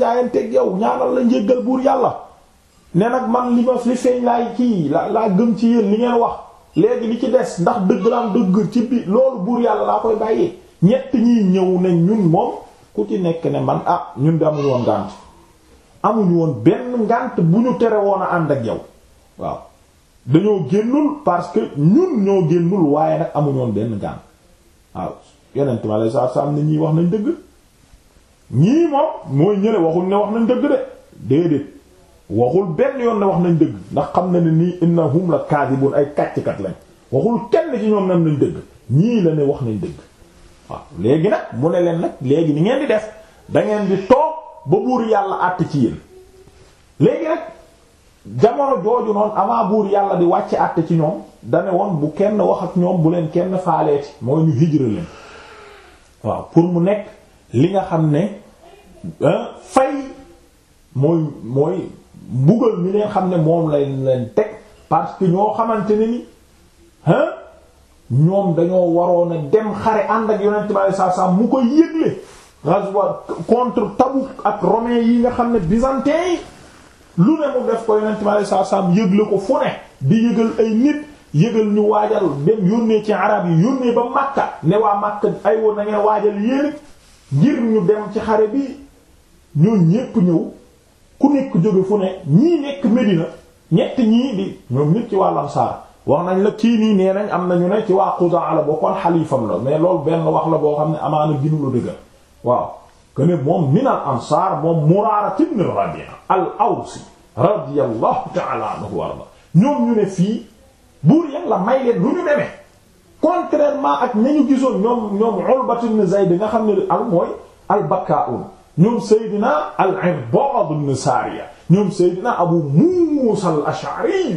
jaayanteeg yow ñaanal la njéggal buur yàlla ne nag man li ma li feeñ laay kii la laa gëm ci yéen li ngeen wax léegi li ci des ndax dëgg laam dëgg ci bi loolu buur yàlla laa koy bàyyee ñett ñiy ñëw ne ñun moom ku ci nekk ne man ah ñun de amuñu woon ngànt amuñu woon benn ngànt bu ñu tere woon a ànd ak yow waaw dañoo génnul parce que ñun ñoo génnul waaye nag amuñu woon benn ngànt waaw yeneen tamit ma lay am na ñuy wax nañ dëgg. ñii moom mooy ñële waxul ne wax nañ dëgg de déedéet waxul benn yoon ne wax nañ dëgg ndax xam na ne nii innahum la buur ay kàcckat lañ waxul kenn ci ñoom nam nañ dëgg ñii la ne wax nañ dëgg waaw léegi nag mu ne leen nag léegi ni ngeen di def dangeen ngeen di toog ba buur yàlla àtt ci yéen léegi nag jamono jooju noonu avant buur yàlla di wàcc àtte ci ñoom dane woon bu kenn wax ak ñoom bu leen kenn faaleeti mooy ñu hijra leen waaw pour mu nekk li nga xam ne fay mooy mooy mbugal mi leen xam ne moom lay leen teg parce que ñoo xamante ni ñoom dañoo waroon a dem xare ànd ak yonent bi alayhi salaam mu ko yëgle ghazwa contre Tabuk ak romain yi nga xam ne byzantin yi lu ne mu def ko yonent bi alayhi yëgle ko fu ne di yëgal ay nit yëgal ñu waajal dem yónnee ci arab yi yónnee ba Makka ne waa Makka ay woon na ngeen waajal yéen ngir ñu dem ci xare bi ñoom ñépp ñëw ku nekk jóge fu ne ñii nekk Medina ñett ñii di ñoom nit ci wàllam saar wax nañ la kii nii nee nañ am nañu ne ci waa Qudaa la bokkoon xalifam la mais loolu benn wax la boo xam ne amaana ginu la dëggal waaw kuene moom min al ansaar moom Muraara ibn Rabi'a al Awsi radiyallahu ta'ala anhu warda ñoom ñu ne fii buur Yàlla may leen lu ñu demee contrairement ak nañu gisoon ñoom ñoom Ulbat ibn Zayd nga xam ne al mooy al Bakkaa'un ñoom Seydina al-Irbaad ibn Saariya ñoom Seydina Abu Muusa al-Ash'ari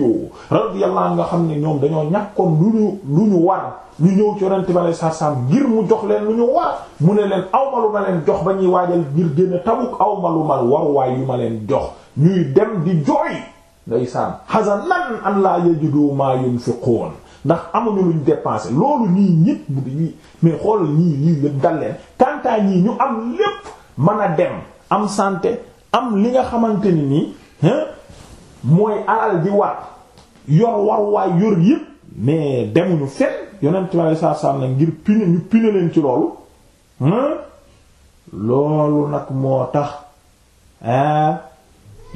radiyallahu anhu nga xam ni ñoom dañoo ñàkkoon lu ñu lu ñu war ñu ñëw ci Yonent bi alayhi salaam ngir mu jox leen lu ñu war mu ne leen awmalu ma leen jox ba ñuy waajal ngir génn Tabuk awmalu ma waruwaay yu ma leen jox ñuy dem di jooy ndeysaan hazanan an laa yajidu maa yunfiquun ndax amuñu luñ dépensé loolu ñii ñépp bu ñii mais xool ñii lii lépp dal leen kantaa ñii ñu am lépp mën a dem am santé am li nga xamante ni nii mooy alal di war yor war waay yor yépp mais demuñu fen yonent bi alei satu nag ngir pine ñu pine leen ci loolu loolu nag moo tax ah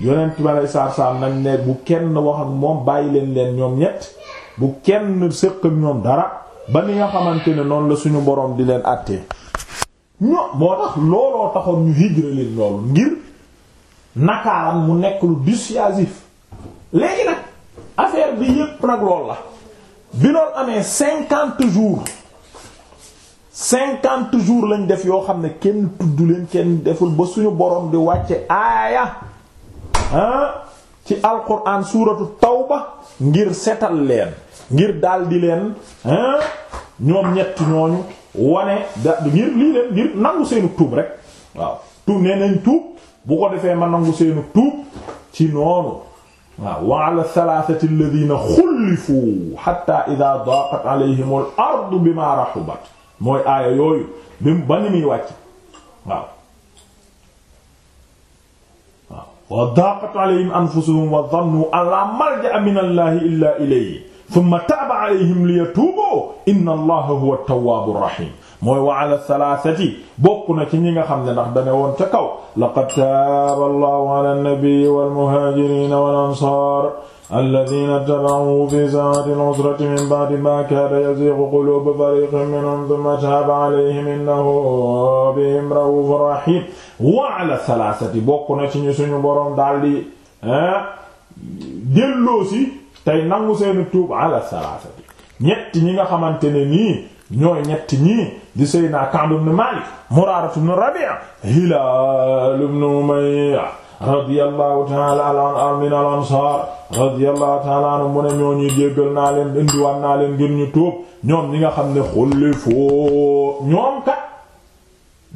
yonent bi alei satu salaam nag ne bu kenn wax ak moom bàyyi leen leen ñoom ñett bu kenn séq ñoom dara ba ni nga xamante ne noonu la suñu boroom di leen àttee ño moo tax looloo taxoon ñu hijra leen loolu ngir nakaaram mu nekk lu dissuasif léegi nag affaire bi yépp nag lool la bi loolu amee cinquante jours cinquante jours lañ def yoo xam ne kenn tudd leen kenn deful ba suñu boroom di wàcce aaya ah ci alquran suuratu taw ba ngir setal leen ngir daal di leen ñoom ñett ñooñu wane da ngir lii leen ngir nangu seenu tuub rek waaw tuub nee nañ tuub bu ko defee ma nangu seenu tuub ci noonu waaw wa ala thalathati alladhina xullifu hatta idha daqat alayhim al ardu bima min allahi illa ilayhi thumma taaba alayhim liyatuubu inna allaha huwa tawwaabu rahim mooy wa ala thalathati bokk na ci ñi nga xam ne ndax dane woon ca kaw laqad taaba allahu ala an-nabiyyi wal muhaajiriina wal ansaar alladhiina ittaba'uuhu fii saa'ati al-'usrati min ba'di maa kaada yaziighu quluubu fariiqin minhum thumma taaba alayhim innahu bihim ra'uufun rahiim wa ala thalathati bokk na ci ñu suñu boroom daldi ah, delloosi tey nangu seeni tuub ala salaasati ñett ñi nga xamante ne nii ñooy ñett ñii di Seydina Ka'b ibn Malik Muraara ibn Rabi' Hilaal ibn Umayya radiyallahu ta'ala anhum al ansaar radiyallahu ta'ala anhum mu ne ñoo ñuy jéggal naa leen indiwaat naa leen ngir ñu tuub ñoom ñi nga xam ne xullifoo ñoom kat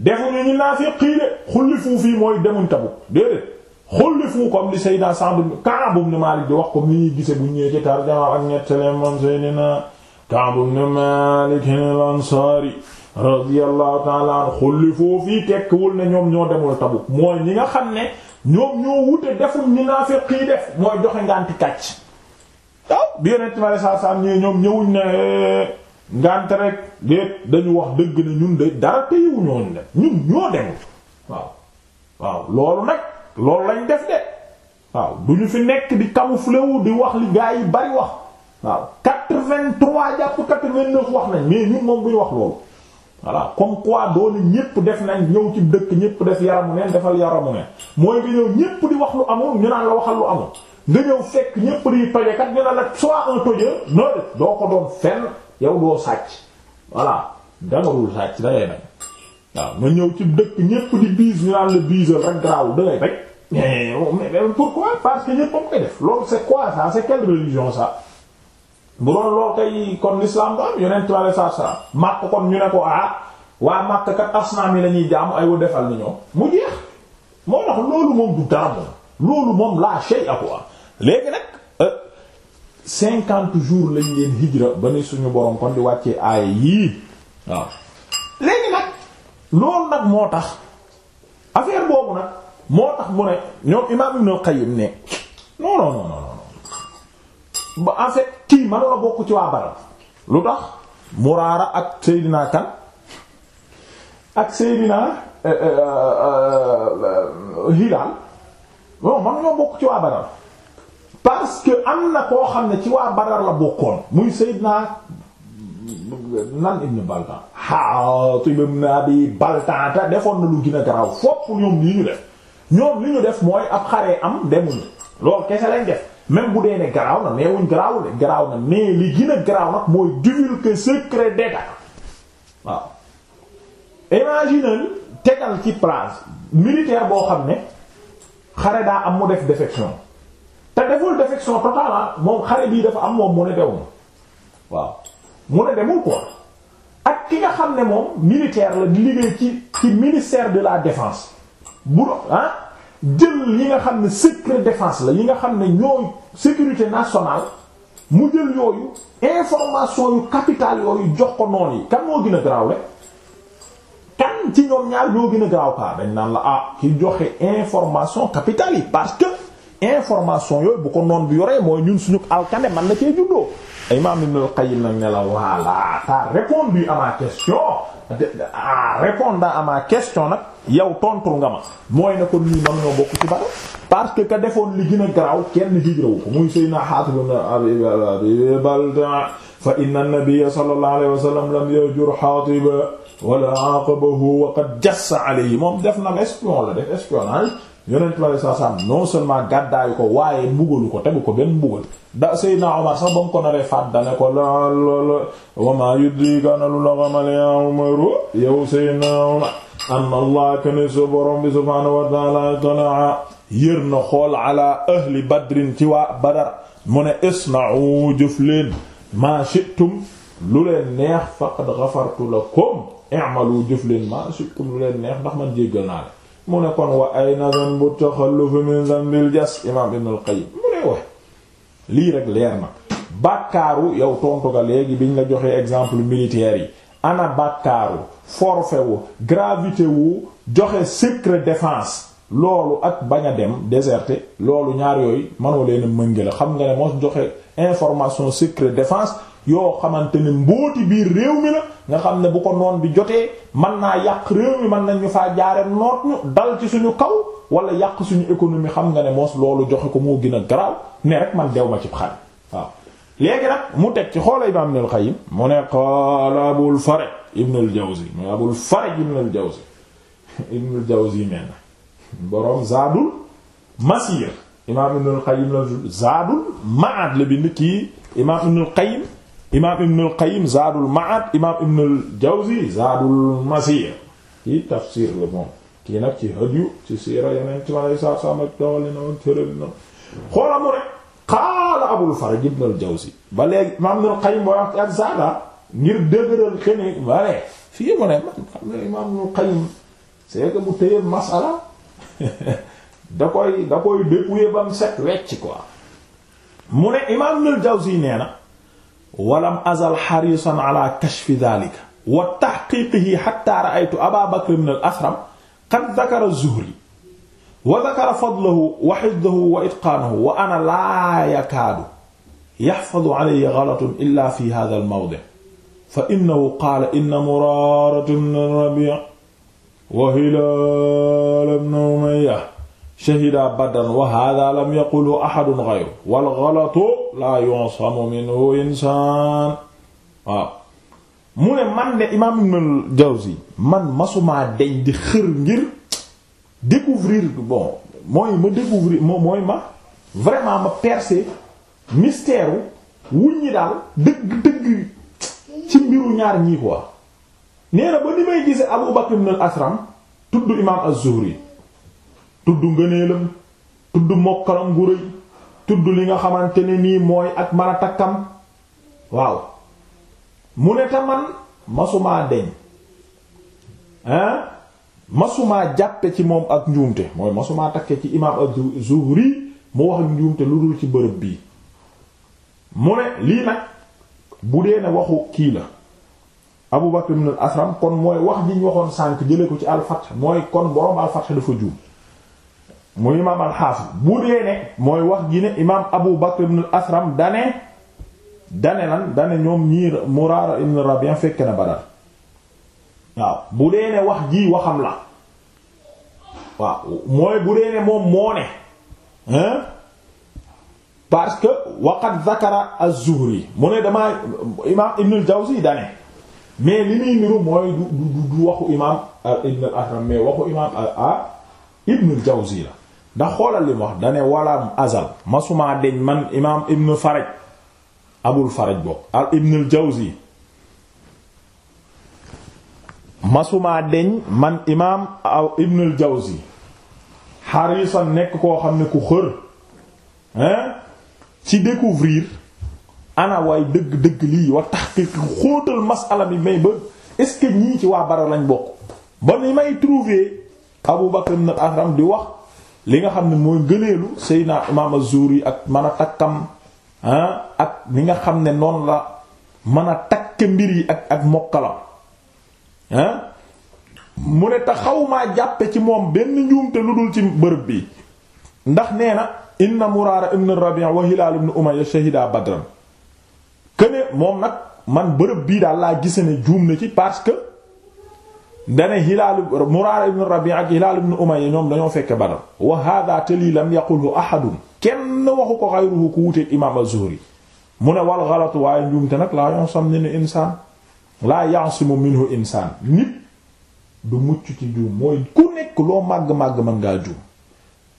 defuñu ñu naafiqi de xullifuu fii mooy demuñ Tabuk déedéet xullifu comme li Seydina Sa'd Ka'b ibn Malik di wax comme ni ñuy gise bu ñëwee ci tarjama ak ñettale moom Seydina Ka'b ibn Malik al-Ansari radiyallahu ta'ala anhu xullifu fii tekkiwul ne ñoom ñoo demul Tabuk mooy ñi nga xam ne ñoom ñoo wute defum ñi naafiq yi def mooy joxe nganti kàcc waaw bi yonent ma saa saa ñi ñoom ñëwuñ ne eh, ngant rek déet dañu wax dëgg ne ñun de dara téyewu ñooñu dem ñun ñoo demul waaw waaw loolu nag loolu lañ def de waaw du ñu fi nekk di camoufler wu di wax li gaa yi bari wax waaw quatre-vingt-trois jàpp quatre-vingt-neuf wax nañ mais ñun moom buñu wax loolu voilà comme quoi doon ñépp def nañ ñëw ci dëkk ñépp def yaramu neen defal yaramu neen mooy nga ñëw ñépp di wax lu amul ñu naan la waxal lu amul nga ñëw fekk ñépp di tojekat ñu naan la soit un tojeur non doo ko doon fenn yow doo sàcc voilà dangarul sàcc da nag waaw nga ñëw ci dëkk ñépp di biis ñu naan biisal rek garaaw dëgg rek mais pourquoi parce que ñépp am koy def loolu c'est quoi ça c'est quelle religion ça bu doon lool kon l'islam ba am yonent bi alei satu salam kon ñu ne ko ah waa màkk kat asnaam yi la ñuy jaamu ay wa defal ni mu jeex moo tax loolu moom du dara loolu moom la chey aku am léegi nag euh, cinquante jours lañ leen hijra ba ni suñu borom kon di wàccee aaya yii waaw loolu nag moo tax affaire boobu nag moo tax mu ne ñoom imaam Ibn Qayyim ne non non non non ba en kii man la bokk ci waa barab lu tax Muraara ak Seydina kan ak Seydina euh, euh, euh, Hilaal non man ñoo bokk ci waa barab parce que am na koo xam ne ci waa Badar la bokkoon muy Seydina nan ibn Baltan Hatib ibn Abi Baltan te defoon na lu gën a garaaw fopp ñoom li ñu def ñoom li ñu def mooy ab xaree am demuñu loolu kese lañ def même bu dee ne garaaw na neewuñ garaaw na mais li gën a garaaw nag mooy divulguer secret d'État waaw imagine tegal ci place militaire boo xam ne xare daa am mu def défection te deful défection totale ah, moom xare bii dafa am moom mu ne dew na waaw mu ne demul ko ak ki nga xam ne moom militaire la di liggéey ci ci ministère de la défense bu ah jël yi nga xam ne secret défense la yi nga xam ne ñooy sécurité nationale mu jël yooyu information yu capital yooyu jox ko noonu yi kan moo gën a garaaw rek kan ci ñoom ñaar ñoo gën a garaaw kaa dañ naan la ah ki joxe information capitale yi parce que information yooyu bu ko noon bi yore mooy ñun suñu alkande man na cee juddoo Imam Ibn al-Qayyim nag ne la voilà t'as répondu à ma question en répondant à ma question nag yow tontu nga ma mooy ne kon nii man ñoo bokk ci bari parce que ka defoon li gën a garaaw kenn hijrawu ko muy Seydina Haatib ibn Abi Baltaa fa inna an-nabiyya sallallahu alayhi wa sallam lam yajur Haatib wala aqabahu wa qad jassa alayhi moom def na l'espion la def espionnage yonent bi saa saam non seulement gàddaayu ko waaye mbugalu ko tegu ko benn mbugal da Seydina Omar sax ba mu ko naree faat dane ko la la wa maa yudrika na lu la xamal yaa Umar yow Seydina Omar anna Allah kana su borom bi subhaanahu wa ta'aala tala yër na xool ala ahli badrin ci waa badar mu ne isna'u jëf leen maa shi'tum lu leen neex faqad ghafartu lakum i'malu jëf leen maa shi'tum lu leen neex ndax man jéggal naa la mu ne kon wa ayna zanbu taxalluf min zanbil jas imaam ibn al qayyim mu ne wax lii rek leer na bàkkaaru yow tontu nga léegi bi biñ la joxee exemple militaire yi ana bàkkaaru forfait wu gravité wu joxe secret defence loolu ak bañ a dem déserté loolu ñaar yooyu mënoo leen a mëngale xam nga ne moo joxe information secret defence yoo xamante ne biir réew mi la nga xam ne bu ko noon bi jotee man naa yàq réew mi man nañ ñu faa jaare noot ñu dal ci suñu kaw wala yàq suñu économie xam nga ne moos loolu joxe ko moo gën a garaaw ne rek man dew ma ci xare waaw léegi nag mu teg ci xoola imaam Ibn al-Qayyim mu ne qaala Abul Faraj Ibn al-Jawzi mu Abul Faraj Ibn al-Jawzi Ibn al-Jawzi mel na boroom Zaadul Masiir imaam Ibn al Zaadul Ma'ad la bind kii imaam Ibn al imaam ibnul Qayyim Zaadul Ma'aad imaam ibnul Jawzi Zaadul Masiir kii tafsir la moom kii nag ci hadiyu ci siira yeneen ci ma lay saa saa ma doole na woon tërël na xoola mu rek qaala Abul Faraj ibnul Jawzi ba léegi imaam ibnul Qayyim boo wax ak Zaada ngir dëgëral keneen waaye fii mu ne man xam ne imaam ibnul Qayyim c'est que bu téye masala da koy da koy dépouiller ba mu set wecc quoi mu ne imaam ibnul Jawzi nee na. walam azal xarisan ala kashfi dhalika wa taxqiqihi xatta raaytu aba bakr ibn al asram qad dakara zuhri wa dakara fadlahu wa xifdahu wa itqaanahu wa ana laa yakaadu yaxfadu alayhi galatun illa fi hada al mawdi fa innahu qaala inna muraarata ibn rabi' wa hilaal ibn umayya shahida badran wa hada lam yaqulu ahadun ghayru wal ghalatu la yunsamu minhu insaan waaw mu ne man de imaam Ibnul Jawzi man masumaa deñ di xër ngir découvrir bon mooy ma découvrir mooy ma vraiment ma percer mystère wuñ ñi daal dëgg dëgg ci mbiru ñaar ñii quoi nee ba ni may gisee Abu Bakr ibn al-Asram tudd imaam az-Zuhri tudd ngëneelam tudd mokkalam gu rëy tudd li nga xamante ne nii mooy ak man a takkam waaw mu ne te man deñ hein masumaa jàppe ci moom ak njuumte mooy masumaa takke ci imaam az-Zuhri mu wax ak njuumte lu dul ci bërëb bii mu ne lii nag bu dee ne waxu kii la Abu Bakr asram kon mooy wax ji waxoon sànk jële ko ci al-Fath mooy kon boroom al dafa juum mu imaam alxaafis bu dee mooy wax gi ne imaam abu bakr ibn asram dane dane lan dane ñoom ñii muraara ibn rabian fekk na badar waaw bu dee wax ji waxam la waaw mooy bu dee moom moo ne hein parce que waqad zakara az-zuhri mu ne damaa imaam ibn al-jawzi dane mais li muy niru mooy du du du waxu imaam euh, ibn al-asram mais waxu imaam euh, a ah, ibn al-jawzi la ndax xoolal li mu wax dane walaam azal masumaa deñ man imaam ibn al jawzi masumaa aw ibn al jawzi xarisan nekk koo xam ne ku xër hein ci découvrir ana waay dëgg dëgg lii wa tahqiq xóotal masala bi may ba est-ce ci waa bara lañ bokk ba ni may trouver abu bakr ibn al asram di wax li nga xam ne mooy ngëneelu Seydina Imaam Az-Zuhri ak mën a takkam ah, ak li nga xam ne noonu la mën a takk mbir yi ak ak mokkalam ah. mu ne te xaw jàppe ci moom benn njuumte lu dul ci bërëb bi ndax nee na inna Muraara ibn Rabi' wa Hilaal ibn Umayya shahida Badran këne moom nag man bërëb bii daal laa gise ne juum na ci parce dane Hilaal Muraara ibn Rabi' ak ibn Umayya ñoom dañoo fekke Badar wa hada te lii lam yaqulhu ahadun kenn waxu ko xayruhu ku wuteeg imaam az-Zuhri mu ne wal xalatu waaye njuumte nag laa yonsam ninu insaan insaan nit du mucc ci juum mooy ku nekk loo màgg-màgg mën ngaa juum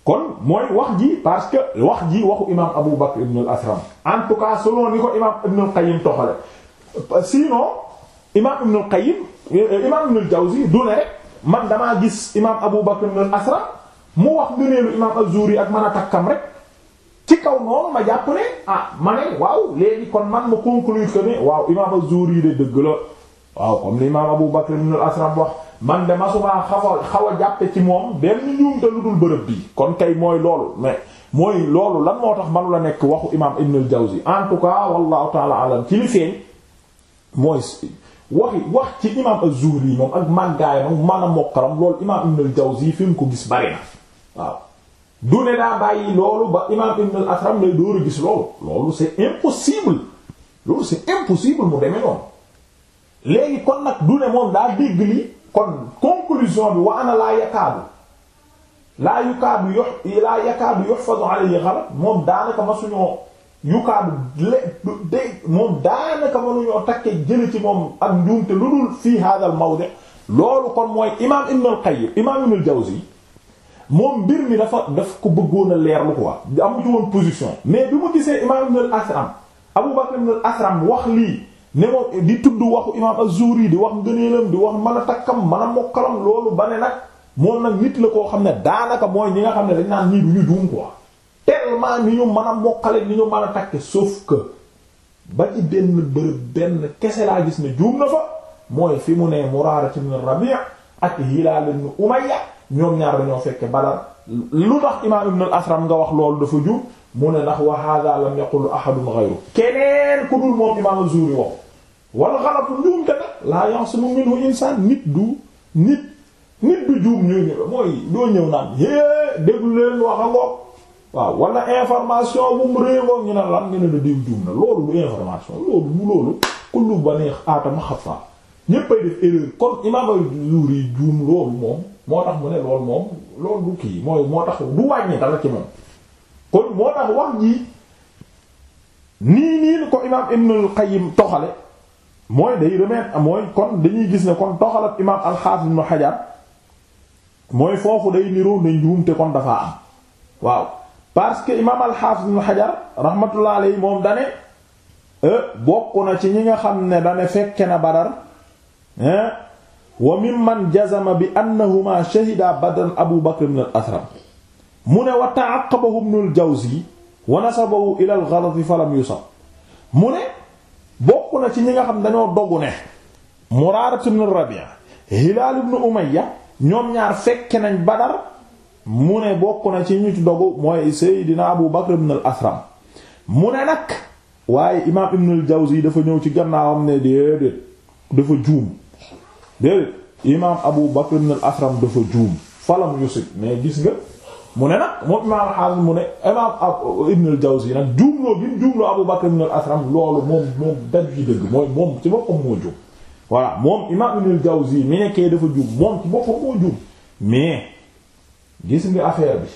kon mooy wax ji parce que wax ji waxu imaam Abu Bakr ibn al-Asram en tout cas ni ko imaam Ibn al-Qayyim toxale sinon imaam Ibnul Qayyim eh, imaam Ibnul Jawzi du ne rek man damaa gis imaam Abu Bakr ibnul Asram mu wax ngëneelu imaam az ak man a takkam rek ci kaw noonu ma jàpp ne ah ma ne waaw léegi kon man ma conclure que ne waaw imaam Az-Zuhri de dëgg la waaw comme ni imaam Abu Bakr ibnul Asram wax man de masuma xaw a xaw a jàppe ci moom benn njuumte lu dul bërëb bi kon kay mooy loolu mais mooy loolu lan moo tax manu la nekk waxu imaam Ibnul Jawzi en tout cas wallahu waxi wax ci imam az-Zuhri yi moom ak màggaayam ak maanaam mokkaram loolu imam Ibn al-Jawzi fi mu ko gis bari na du ne daa bàyyi loolu ba imam Ibn al-Asram lay dóoru gis loolu loolu loolu c'est impossible mu demee noonu léegi kon nag du ne moom daa dégg kon conclusion bi wa ana laa yakaadu laa yukaadu yox laa yakaadu yuhfazu alayhi xalat moom daanaka ma suñoo yukaadu de moom daanaka mënuñoo takke jële ci moom ak njuumte lu dul fii hada al mawdi loolu kon mooy imaam ibn al qayyim imaam ibn jawzi moom mbir mi dafa daf ko bëggoon a leer lu ko wax amu ci position mais bi mu gisee imaam ibn al asram abu bakr ibn asram wax lii ne moom di tudd waxu imaam az di wax ngëneelam di wax mën a takkam mën a mokkalam loolu ba ne nag moom nag nit la koo xam ne daanaka mooy ñi nga xam ne dañ naan ñii du ñu juum tellement ni ñu mën a mokkale ni ñu man a takk suuf que ba ci benn bërëb benn kese laa gis ne juum na fa mooy fi mu ne Murara a Rabi' ak Hilaal ibn Umayya ñoom ñaar dañoo fekke Badar lu tax imaam ibn al-Asram nga wax loolu dafa juum mu ne ndax wa hadha lam yaqul ahadun ghayru keneen ku dul moom imaam az-Zuhri wax wal ghalatu njuumte nag laa ya'simu minhu insaan nit du nit nit du juum ñuy mooy doo ñëw naan é déglu leen wax a ngoog waaw wala information bu mu réewoon ñu ne lan ñu ne la diw juum na loolu lu information loolu mu loolu kullu bani aadama xataa ñépp ay def erreur kon imaam al-Zuhri juum loolu moom moo tax mu ne loolu moom loolu du kii mooy moo tax du wàññi dara ci moom kon moo tax wax ji nii nii ko imaam Ibn al toxale mooy day remettre mooy kon dañuy gis ne kon toxalat imaam al-Hafiz Ibn Hajar mooy foofu day niroo ne njuumte kon dafa am waaw parce que imaam al-Hafiz ibn Hajar rahmatullah moom dane eh, bokk na ci ñi nga xam ne dane fekke na Badar eh, wa mimman jazama bi annahuma shahida badran Abu Bakr ibn al-Athram mu ne wa ta'aqqabahu ibn al-Jawzi wa nasabahu ila al-ghalat fa lam yusab mu ne bokk na ci ñi nga xam dañoo doggu ne Murara ibn Rabi'a Hilal ibn Umayya ñoom ñaar fekke nañ Badar mu ne bokk na ci ñu ci dogu mooy Seydina Abu Bakr ibn al-Asram mu ne nag waaye imaam Ibn al-Jawzi dafa ñëw ci gannaawam ne déedéet dafa juum déedéet imaam Abu Bakr ibn al-Asram dafa juum falam yusib mais gis nga mu ne nag moom imaam Hazm mu ne imaam Ibn al-Jawzi nag juumloo bi mu al-Asram loolu moom moom daj yi dëgg moom ci boppam moo juum voilà moom imaam Ibn al-Jawzi mi nekkee dafa juum moom ci boppam moo juum mais. gis nga affaire bi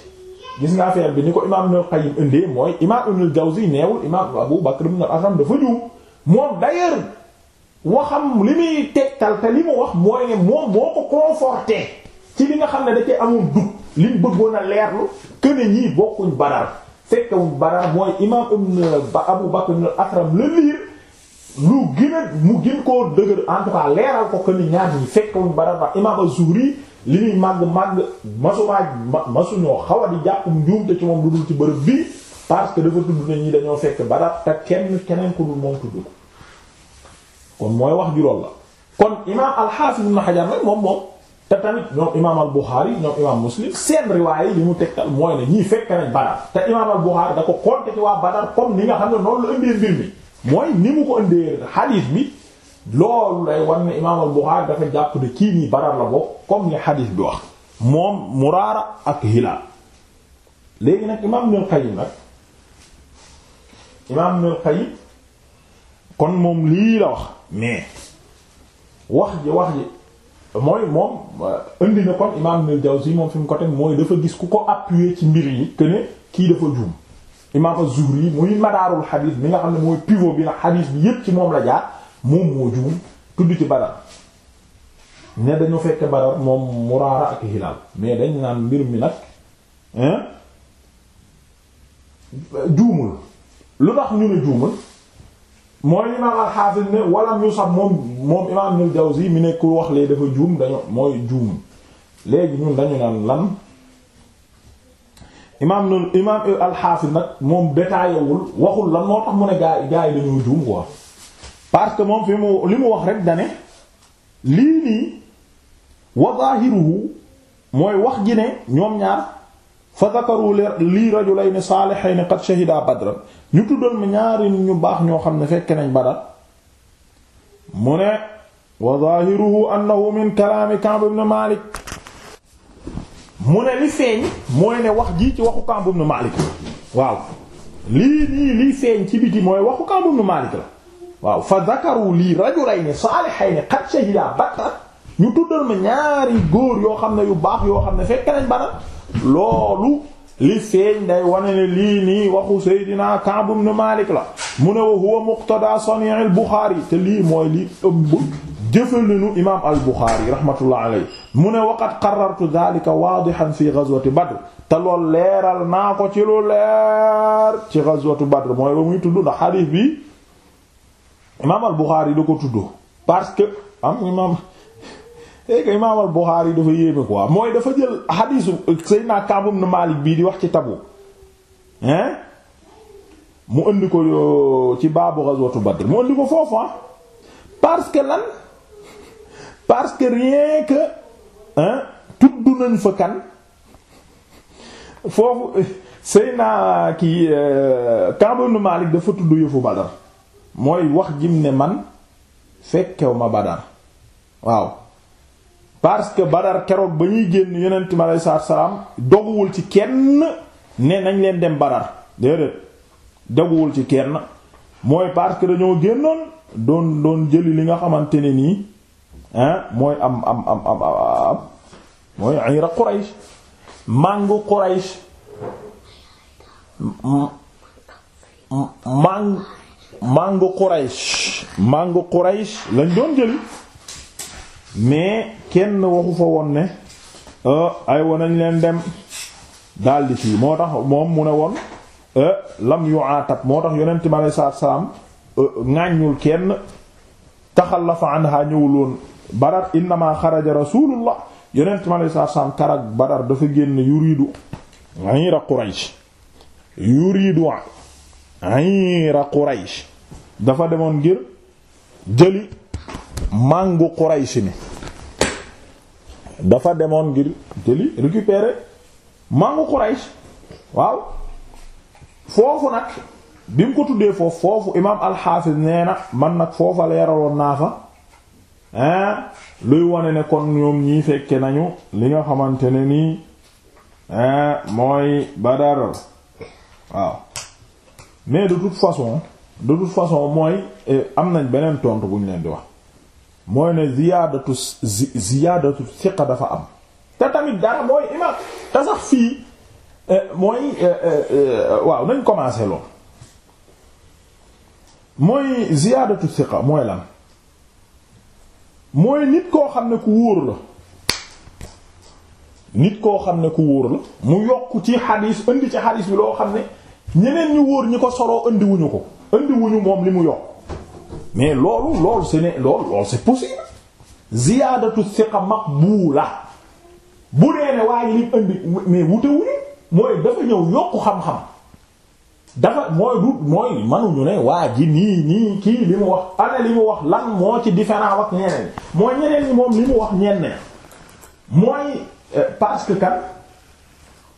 gis nga affaire bi ni ko imaam Ibnul Qayyim indee mooy imaam Ibnul Jawzi neewul imaam Abu Bakr ibn al-Asram dafa juum moom d'ailleurs waxam li muy tegtal te li mu wax mooy ne moom moo ko conforté ci li nga xam ne da cee amoon dugg li mu bëggoon a leerlu que ne ñii bokkuñ badar fekkewuñ badar mooy imaam Ibn Abu Bakr ibn al-Asram la liir lu gën a mu gën koo dëgër en tout cas leeral ko que ni ñaar ñi fekkewuñ badar ndax imaam Az-Zuhri li ñuy màgg màgg masumaa masuñoo xaw a di jàpp njuumte ci moom lu dul ci bërëb bii parce que dafa tudd ne ñi dañoo fekk badar te kenn keneen ko dul moom tudd ko kon mooy wax ju kon imaam alxaafis ibn Hajar nag moom moom te tamit ñoom imaam al Buxaari ñoom imaam Muslim seen riwaaye mu tegtal mooy ne ñii fekk nañ badar te imaam da ko compter ci waa badar comme ni nga xam ne noonu la ëndee mbir mi mooy ni mu ko ëndee xadiis bi loolu day war ne imaam al-Bukhari dafa jàpp ne kii nii barar la bokk comme ni xadiis bi wax moom Muraara ak Hilaal léegi nag imaam Ibnul Qayyim nag imaam Ibnul Qayyim kon moom lii la wax mais wax ji wax ji mooy moom euh, indi na kon imaam Ibnul Jawzi moom fi mu ko teg mooy dafa gis ku ko appuyer ci mbir yi que kii dafa juum imaam az-Zuhri muy madaarul xadiis mi nga xam ne mooy pivot bi nag xadiis bi yépp ci moom la jaar moom moo juum tudd ci badar ne dañu fekk badar moom muraara ak hilaal mais dañ naan mbir mi nag hein juumul lu tax ñu ne juumul mooy imaam al-Hafiz ne ñu sax moom moom imaam wax lee dafa juum dañu mooy juum léegi ñun dañu naan lan imaam nu imaam al nag moom détaillé waxul lan moo tax mu ne gaa gaa dañoo juum quoi parce que moom fi mu li mu wax rek dane lii nii wa wax ji ne ñoom ñaar fa zakaru lii rajulayni saalihayn qad shahida badra ñu tuddoon ma ñaari ñu baax ñoo xam ne fekke nañ badar mu ne wa zahiruhu annahu Malik mu ne li feeñ mooy ne wax ji ci waxu Ka'b ibn Malik waaw lii nii li feeñ ci biti mooy waxu Ka'b Malik la waaw fa zakaru lii rajulayni salihayni qad shahida badra ñu tuddal ma ñaari góor yoo xam ne yu baax yoo xam ne fekk nañ Badar loolu li feeñ day wane ne lii nii waxu Seydina Ka'b ibn Malik la mu ne wa huwa muqtada sani' al-Bukhari te lii mooy li ëmb jëfalinu imam al-Bukhari rahmatullah alayhi mu ne waqad qarrartu dhalika wadihan fi ghazwati Badr te loolu leeral naa ko ci lu leer ci ghazwatu Badr mooy ba muy tudd ndax hadith bi imaam al Buxaari da ko tudd parce que am eh, mooy dafa jël xadiisu Seydina Kaab ibn Maalik bii di wax ci tabu mu indi ko euh, ci baabu ghazwatu Badr mu indi ko foofu parce que lan parce que rien que hein tudd nañ fa kan foofu Seydina kii euh, Kaab ibn Maalik dafa tudd yëfu Badr mooy wax jim ne man fekkew ma Badar waaw parce que Badar keroog ba ñuy génn yonent mi aleyhi salaatu salaam doguwul ci kenn ne nañ leen dem Badar déedéet doguwul ci kenn mooy parce que dañoo génnoon doon doon jëli li nga xamante ne nii mooy am am am am am mooy ayra Quraysh màngu Quraysh màng mangu Quraysh mangu Quraysh lañ doon jëli mais kenn waxu fa woon ne euh, ay wonañ leen dem daldi fii moo tax moom mu ne woon euh, lam yu atab moo tax yonent mi aleyhi salaatu salaam euh, ŋàññul kenn taxallafa anha ñëwul woon Badar innama xaraja rasulullah yonent mi aleyhi salaatu salaam karak Badar dafa génn yuriidu ghayra Quraysh yuriidu ayra Quraysh dafa demoon ngir jëli màngu Quraysh mi dafa demoon ngir jëli récupérer màngu Quraysh waaw foofu nag bi mu ko tuddee foofu foofu imaam alxaafis nee na man nag foofa leeraloon naa fa hein luy wane ne kon ñoom ñii fekke nañu li nga xamante ne nii hein mooy Badar waaw mais de toute façon de toute façon mooy eh, am nañ beneen tontu bu ñu leen di wax mooy ne ziyaadatu ziyaadatu siqa dafa am te tamit dara mooy imaam te sax fii eh, mooy eh, waaw nañ commencé lool mooy ziyaadatu siqa mooy lan mooy nit koo xam ne ku wóor la nit koo xam ne ku wóor la mu yokk ci xadiis indi ci xadiis bi loo xam ne ñeneen ñu wóor ñi ko soloo indiwuñu ko indiwuñu moom li mu yokk mais loolu loolu ce n'est loolu loolu c'est possible ziyaadatu thiqa maqbula bu dee ne waaye lim indi mais wutewuñu mooy dafa ñëw yokku xam-xam dafa mooy du mooy manuñu ne waa ji nii nii kii li mu wax ane li mu wax lan moo ci différent ak ñeneen mooy ñeneen ñi moom li mu wax ñeneen mooy euh, parce que kan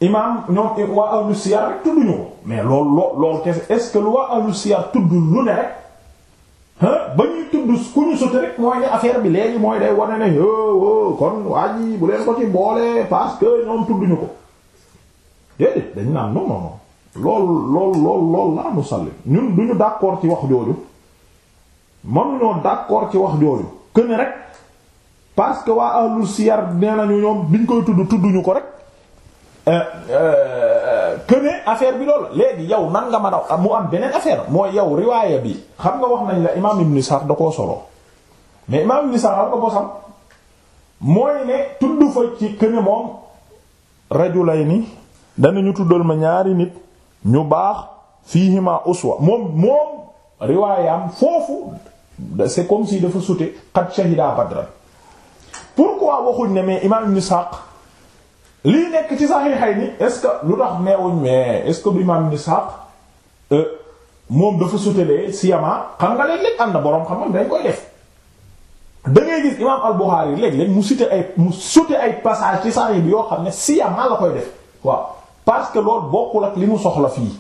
imaam ñoom waa ahlu siyar rek tudduñu ko mais loolu loo loolu kese est-ce que lu waa ahlu siyar tudd lu ne rek ba ñuy tudd ku ñu sote rek mooy ne affaire bi léegi mooy day wane ne o oh, oh, kon waa bu leen ko ci boole parce que ñoom tudduñu ko déedéet dañ naan non non non loolu lool lool lool laa nu salli ñun duñu d'accord ci wax jooju mënuñoo d'accord ci wax jooju kën rek parce que waa ahlu siyar nee nañu ñoom biñ koy tudd tudduñu ko rek euh, euh, que ne affaire bi loolu léegi yow nan nga mën a mu am beneen affaire mooy yow riwaaya bi xam nga wax nañ la imaam Ibn Sa'd da koo solo mais imaam Ibn Sa'd ko bosam mooy ne tudd fa ci que ne moom rajulayni danañu tuddal ma ñaari nit ñu baax fiihima uswa moom moom riwaayam foofu c'est comme si dafa sute qad shahida badran pourquoi waxuñ ne mais imaam Ibn lii nekk ci saxiixay ni est-ce que lu tax neewuñ mais est-ce que bu imaam ni saq euh, moom dafa sutalee siyama xam nga léeg-léeg am na boroom xam-xam dañ koy def da ngay gis imaam al-Bukhari léeg-léeg mu cité ay mu sute ay passage ci saxiix bi yoo xam ne siyama la koy def waaw parce que loolu bokkul ak li mu soxla fii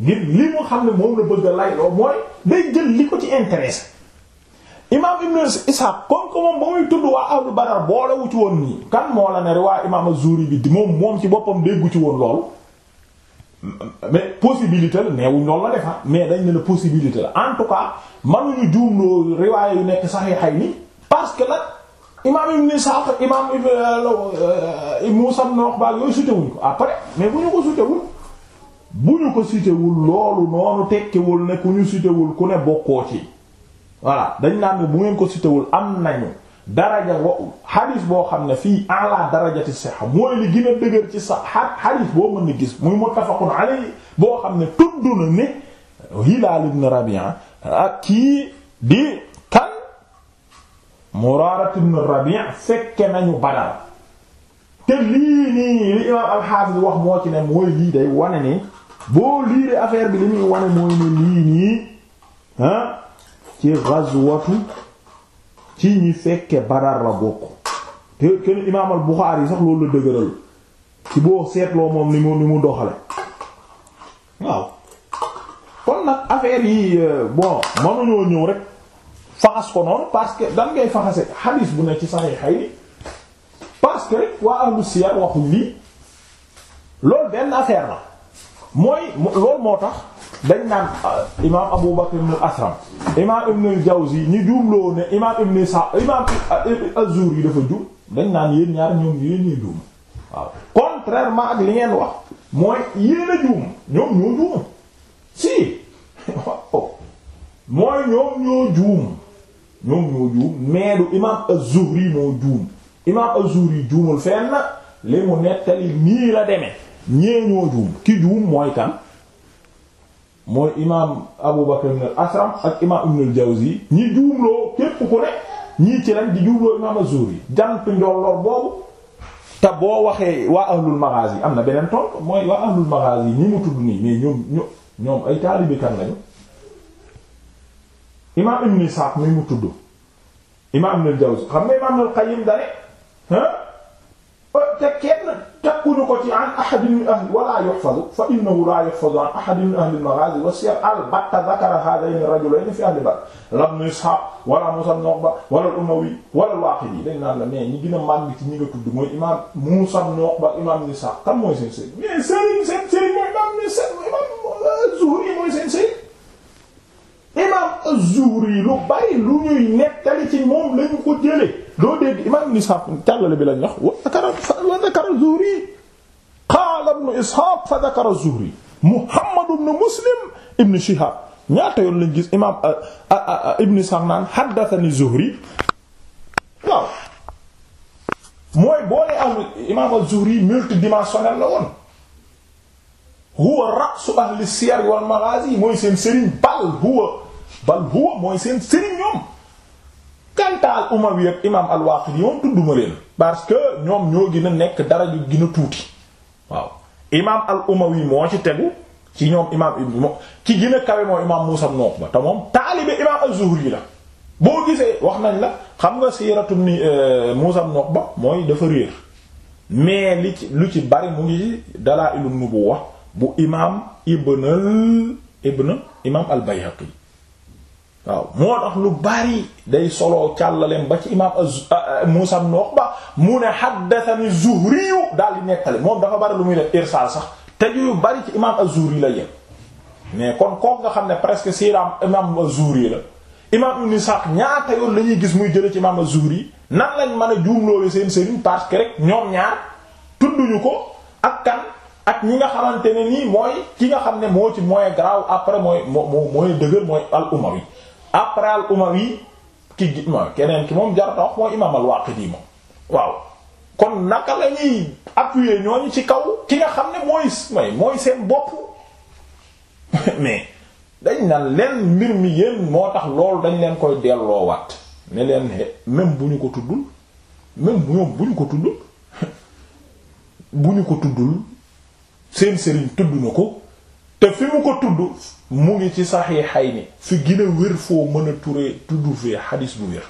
ngir li mu xam ne moom la bëgg a layloo mooy day jël li ko ci intéressé imaam ibn Ishaq comme que moom ba muy tudd waa ahlu badar boolewu ci woon nii kan moo la ne waa imaam az-Zuhri bi moom moom ci boppam déggu ci woon loolu mais possibilité la neewuñ loolu la def mais dañ ne la possibilité en tout cas mënuñu juumloo riwaay yu nekk saxiixay ni parce que nag imaam ibn Ishaq imaam euh, Muusaa ibn Uqba yooyu sutewuñ ko après mais bu ñu ko sutewul bu ñu ko sutewul loolu noonu tekkiwul ne ku ñu sutewul ku ne bokkoo ci voilà dañ naan ne bu ngeen ko citéwul am nañu daraja wa xadis boo xam ne fii ala darajati siha mooy li gën dëgër ci sax xadis boo mën ni gis muy muttafaqun alayhi boo xam ne tudd na ne Hilaal ibn Rabi'a ak kii di kan Muraara ibn Rabi'a fekke nañu Badar te lii nii li imaam al wax moo ci ne mooy lii day wane ni boo liiree affaire bi li muy wane mooy ne lii nii ci ghazwatu ci ñi fekke Badar la bokk te kenn imaam al Buxaari yi sax loolu la dëgëral ci boo seetloo moom ni mu ni mu doxale waaw kon nag affaire yi euh, bon mënuñoo ñëw rek faxas ko noonu parce que dan ngay faxase xadiis bu ne ci saxiixa yi parce que waa ahlu siyar waxuñ lii loolu benn affaire la mooy loolu moo tax dañ naan euh, imaam Abu Bakr ibn al-Asram imaam ibn al-Jawzi ñi juumloo ne imaam ibn Sa imaam euh, az dafa juum dañ naan yéen ñaar ñoom yéen ñuy juum waaw contrairement ak li ngeen wax mooy yéen juum ñoom ñoo juum si oh. imaam az moo juum imaam az-Zuhri juumul fenn li mu nettali nii la demee ñee ñoo juum ki juum mooy kan. mooy imaam Abu Bakr ibn al-Asram ak imaam Ibn al-Jawzi ñi juumloo képp ku ne ñii ci lañ di juumloo imaam az-Zuhri jant njolloor boobu te boo waxee waa ahlul maghazi am na beneen tontu mooy waa ahlul maghazi ñi mu tudd nii mais ñoom ñoom ñoom ay taalibe kan lañu imaam Ibn Ishaq mi mu tudd imaam Ibn al-Jawzi xam nga imaam al-Qayyim dane ah te kenn. takkuñu ko ci an ahadin min ahli wala yuhfazu fa innahu la yuhfazu an ahadin min ahli al-maghazi wa siyar albatta dhakara hadhayni rajulayni fi ahli Badr la Ibn Ishaq wala Musa ibn Uqba wala al-Umawi wala al-Waqidi dañ naan la mais ñi gën a màgg ci ñi nga tudd mooy imam Musa ibn Uqba imam Ibn Ishaq kan mooy seen sëriñ mais sëriñ seen sëriñ mooy imam imam Zuhri mooy seen sëriñ imam Zuhri lu bari lu ñuy nettali ci moom lañu ko jëlee doo dégg imaam ibn Isxaaq càllale bi lañ wax wa zakara wa zakara Zuhri qaala ibn Isxaaq fa zakara Zuhri Muhammad ibn Muslim ibn Shihaab ñaata yoon lañ gis imaam ibn Isxaaq naan haddathani Zuhri waaw mooy boo ne am imaam az-Zuhri multidimensionnel la woon huwa ra'su ahli siyar wal maghaazi mooy seen sëriñ bal huwa bal huwa mooy seen sëriñ ñoom kantaal umawi ak imam al-Waqidi moom tudduma leen parce que ñoom ñoo gën a nekk dara ju gën tuuti waaw imam al-Umawi moo ci tegu ci ñoom imam ibn ci gën a kawe moo imam Musa Noq ba te moom taalibe imam zuhri la boo gisee wax nañ la xam nga si siiratu ni euh, Musa Noq ba mooy dafa réer mais li ci lu ci bari mu ngi Dalaa'ilun Nubuwwa bu imam ibn ibn imam al-Bayhaqi waaw moo tax lu bari day solo soloo càllaleen ba ci imaam Muusaa ibn Uqba mu ne haddathani Zuhri daal di nettali moom dafa bari lu muy def irsaal sax te yu bari ci imaam az-Zuhri la yem mais kon kooku nga xam ne presque siiraam imaam az-Zuhri la imaam Ibn Ishaq ñaata yoon la ñuy gis muy jële ci imaam az-Zuhri nan lañ mën a juumloolu seen sëriñ parce que rek ñoom ñaar tudduñu ko ak kan ak ñi nga xamante ne nii mooy ki nga xam ne moo ci mooy garaaw après mooy moo mooy dëgër mooy al-Umawi après al umawi ki keneen ki moom jarata wax mooy imaam al-Waaqidi moom waaw kon naka la ñuy appuyer ñooñu ci kaw ki nga xam ne mooy mooy seen bopp mais dañ na leen mbir mi yéen moo tax loolu dañ leen koy wat ne leen eh, même bu ñu ko tuddul même bu ñu ko tuddul bu ñu ko tuddul seen sëriñ tudd na ko te fi mu ko tudd mu ngi ci saxiixayni fi gën a wér foo mën a turee tudd fee xadis bu wér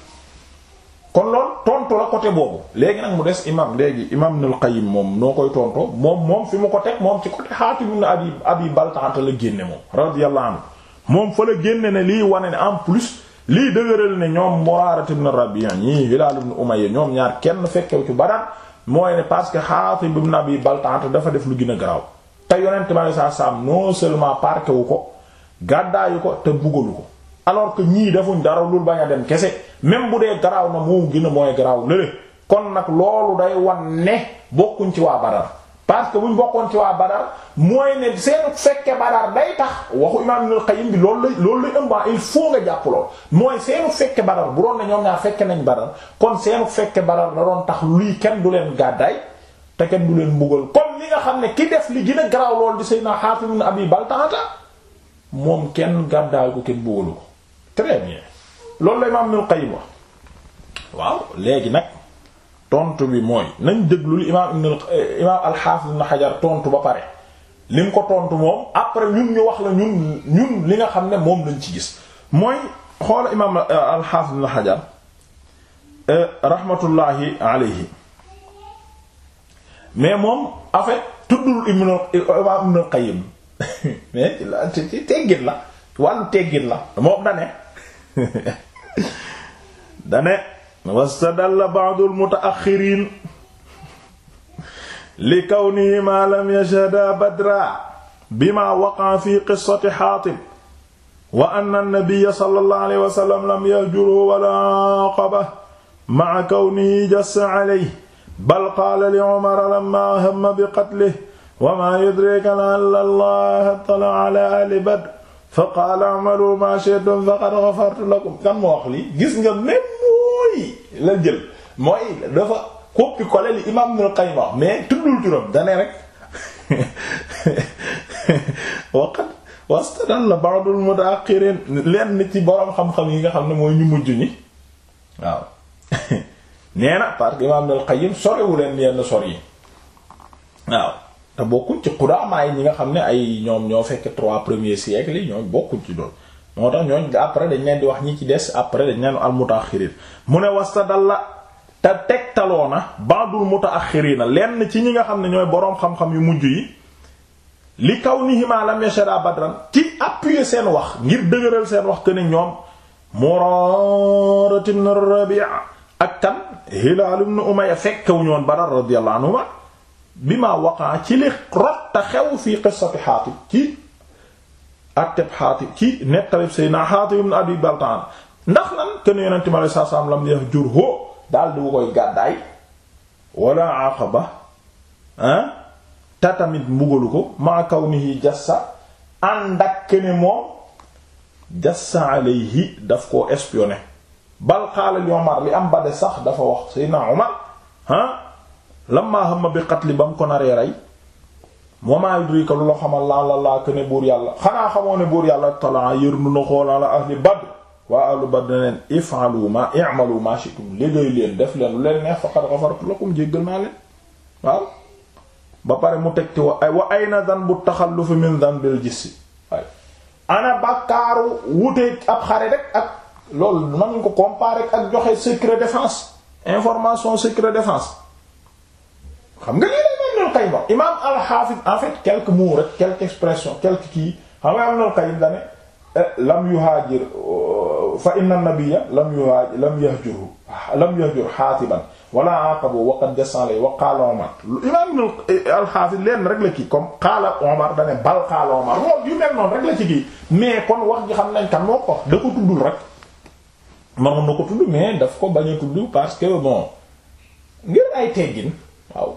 kon lool tontu la côté boobu léegi nag mu des imam léegi imam Ibnul Qayyim moom noo koy tontoo moom moom fi mu ko teg moom ci côté Haatim ibn Abi Abi Balta'a la génne moom radiyallahu anhu moom fa la génne ne lii wane ne en plus lii dëgëral ne ñoom Muraara ibn Rabi'a ñii Hilaal ibn Umayya ñoom ñaar kenn fekkew ci Badar mooy ne parce que Haatim ibn Abi Balta'a dafa def lu gën garaaw te yonent bi aleyhi salaatu salaam non seulement parqué wu ko gàddaayu ko te buggalu ko alors que ñii defuñ dara lu bañ a dem kese même bu dee garaaw na moo gën a mooy garaaw lële kon nag loolu day wan ne bokkuñ ci waa Badar parce que buñ bokkoon ci waa Badar mooy ne seen fekke Badar day tax waxu imaam Ibnul Qayyim bi loolu la loolu la ëmba il faut nga jàpp lool mooy seenu fekke Badar bu doon na ñoom ñaar fekke nañ Badar kon seenu fekke Badar da doon tax luy kenn du leen gàddaay te kenn du leen mbugal comme li nga xam ne ki def li gën a garaaw lool di Seydina Hatim ibn Abi Baltaata moom kenn gàddaay ko kenn mbugalu ko très bien loolu la imaam Ibnul Qayyim waaw léegi nag tontu bi mooy nañ déglu li imaam Ibnul eh, imaam al-Hafiz Ibn tontu ba pare li après ñu wax la li nga xam ne moom lañ ci gis mooy xoola imaam eh, al-Hafiz Ibn eh, rahmatullahi alayhi mais moom en fait tuddul Ibnu Ibnu Qayyim mais ci teggin la wàllu teggin la moom dane dane wastadalla ba'dul mutaaxiriin li kawnihi maa lam yashhada badra bima waqa'a fi qissati Haatib wa anna an-nabiyya sallallahu alayhi wa sallam lam yahjurhu wala aqaba ma'a kawnihi jassa alayhi bal qaala li umara lamma hamma bi qatlihi wa maa yudrika la'alla allaha ittala'a ala ahli badr fa qaala a'malu maa shi'tum faqad ghafartu lakum kan moo wax lii gis nga même mooy la jël mooy dafa koppi kole li imaam Ibnul Qayyim wax mais tuddul turam dane rek waqat wastadalla ba'dul muta'akhkhirin lenn ci boroom xam-xam yi nga xam ne mooy ñu mujj ñi waaw nee na parce que imaam al Qayyim soriwu leen yenn sor yi waaw te bokkuñ ci xudaamaa yi ñi nga xam ne ay ñoom ñoo fekk trois premiers siècles yi ñoom bokkuñ ci doon moo tax ñooñ après dañ leen di wax ñi ci des après dañ leen al mutaaxiriin mu ne wastadalla te tegtaloo na ba'dul mutaaxiriina lenn ci ñi nga xam ne ñooy boroom xam-xam yu mujj yi li kaw kawnihima lam yashara badran ci appuyer seen wax ngir dëgëral seen wax que ne ñoom Murara ibn Rabi'a ak kan Hilaal ibn Umayya fekkewuñu woon Badar radiyallahu anhuma bima waqa ci li rotta xew fi qissati Haatib ci atteb Haatib ci nettalib Seydina Haatib ibn Abi Baltaan ndax lan kenn yonente mi aleye sat selaam lam def jur hoo daal koy gàddaay wala aqaba ah, te tamit mbugalu ko maa kawnihi jassa ànd ak ne moom jassa alayhi daf koo espionné bal qaala li Omar li am ba sax dafa wax Seydina Omar ah lammaa hamma bi qatli ba mu ko naree rey wa maa yudrika lu la xamal laa laa ko ne buur yàlla xanaa xamoo ne buur yàlla talaa yërnu na xool ala ahli Badr waa ahlu Badr leen if'alu maa i'malu maa shi'tum liggéey leen def leen lu leen neex faqad ghafartu lakum jéggal naa leen waaw. ba pare mu teg ci wa ay wa ayna dhanbu taxalluf min dhanbil jissi ana bakkaaru wuteeg ab xare rek ak. loolu mënuñ ko comparer ak joxe secret défense information secret défense xam nga lii lay Ibnul Qayyim wax imaam al-Hafiz en fait quelques mots rek quelques expressions quelques kii xam nga Ibnul Qayyim dane eh, lam yuhaajir la euh, inna nabiyya lam yuhaajir lam yahjuru lam yahjur haatiban wala aqabu wa qad jassa wa qaala Umar imaam eh, al-Hafiz rek la kii comme qaala Umar dane bal noonu la wax ji xam nañ kan moo ko tuddul rek manoon na ko tudd mais daf ko bañ a tudd parce que bon ngir ay teggin waaw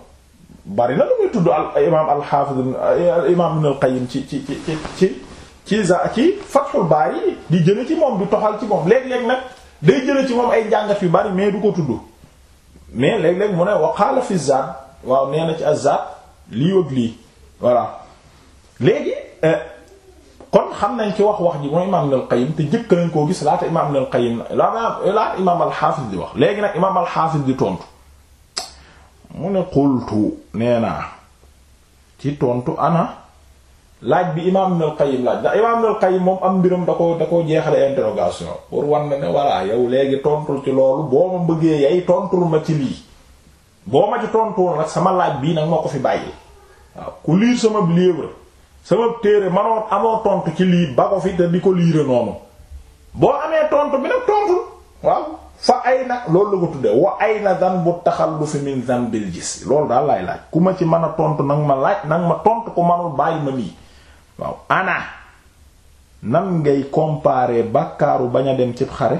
bari na lu muy tudd al imaam al imaam Ibn al-Qayyim ci ci ci ci ci ci za di jële ci moom di toxal ci moom léeg-léeg nag day jële ci moom ay njàngat yu bari mais du ko tudd mais léeg-léeg mu ne wa qala waaw nee ci az-Zaad lii wëg lii voilà léegi euh, kon xam nañ ci wax wax ji mooy imaam Ibnul Qayyim te jëkk nañ koo gis laata imaam Ibnul Qayyim laata imaam al-Hafiz di wax léegi nag imaam al-Hafiz di tontu mu ne qultu nee ci tontu ana laaj bi imaam Ibnul Qayyim laaj ndax imaam Ibnul moom am mbiram da ko da ko jeexale interrogation pour wan ne voilà yow léegi tontul ci loolu boo ma bëggee yay tontul ma ci lii boo ma ci tontuwoon nag sama laaj bii nag moo ko fi bàyyi waaw ku lire sama livre sama téere manoon amoo tontu ci lii ba ko fi te di ko liire noonu boo amee tontu bi nag tontu waaw fa ay na loolu la ko tuddee wa ay na dan bu taxallufi min zanbil gis loolu daal laay laaj ku ma ci mën a tontu nag ma laaj nag ma tontu ko manul bàyyi ma lii waaw ana nan ngay comparer bàkkaaru bañ a dem cib xare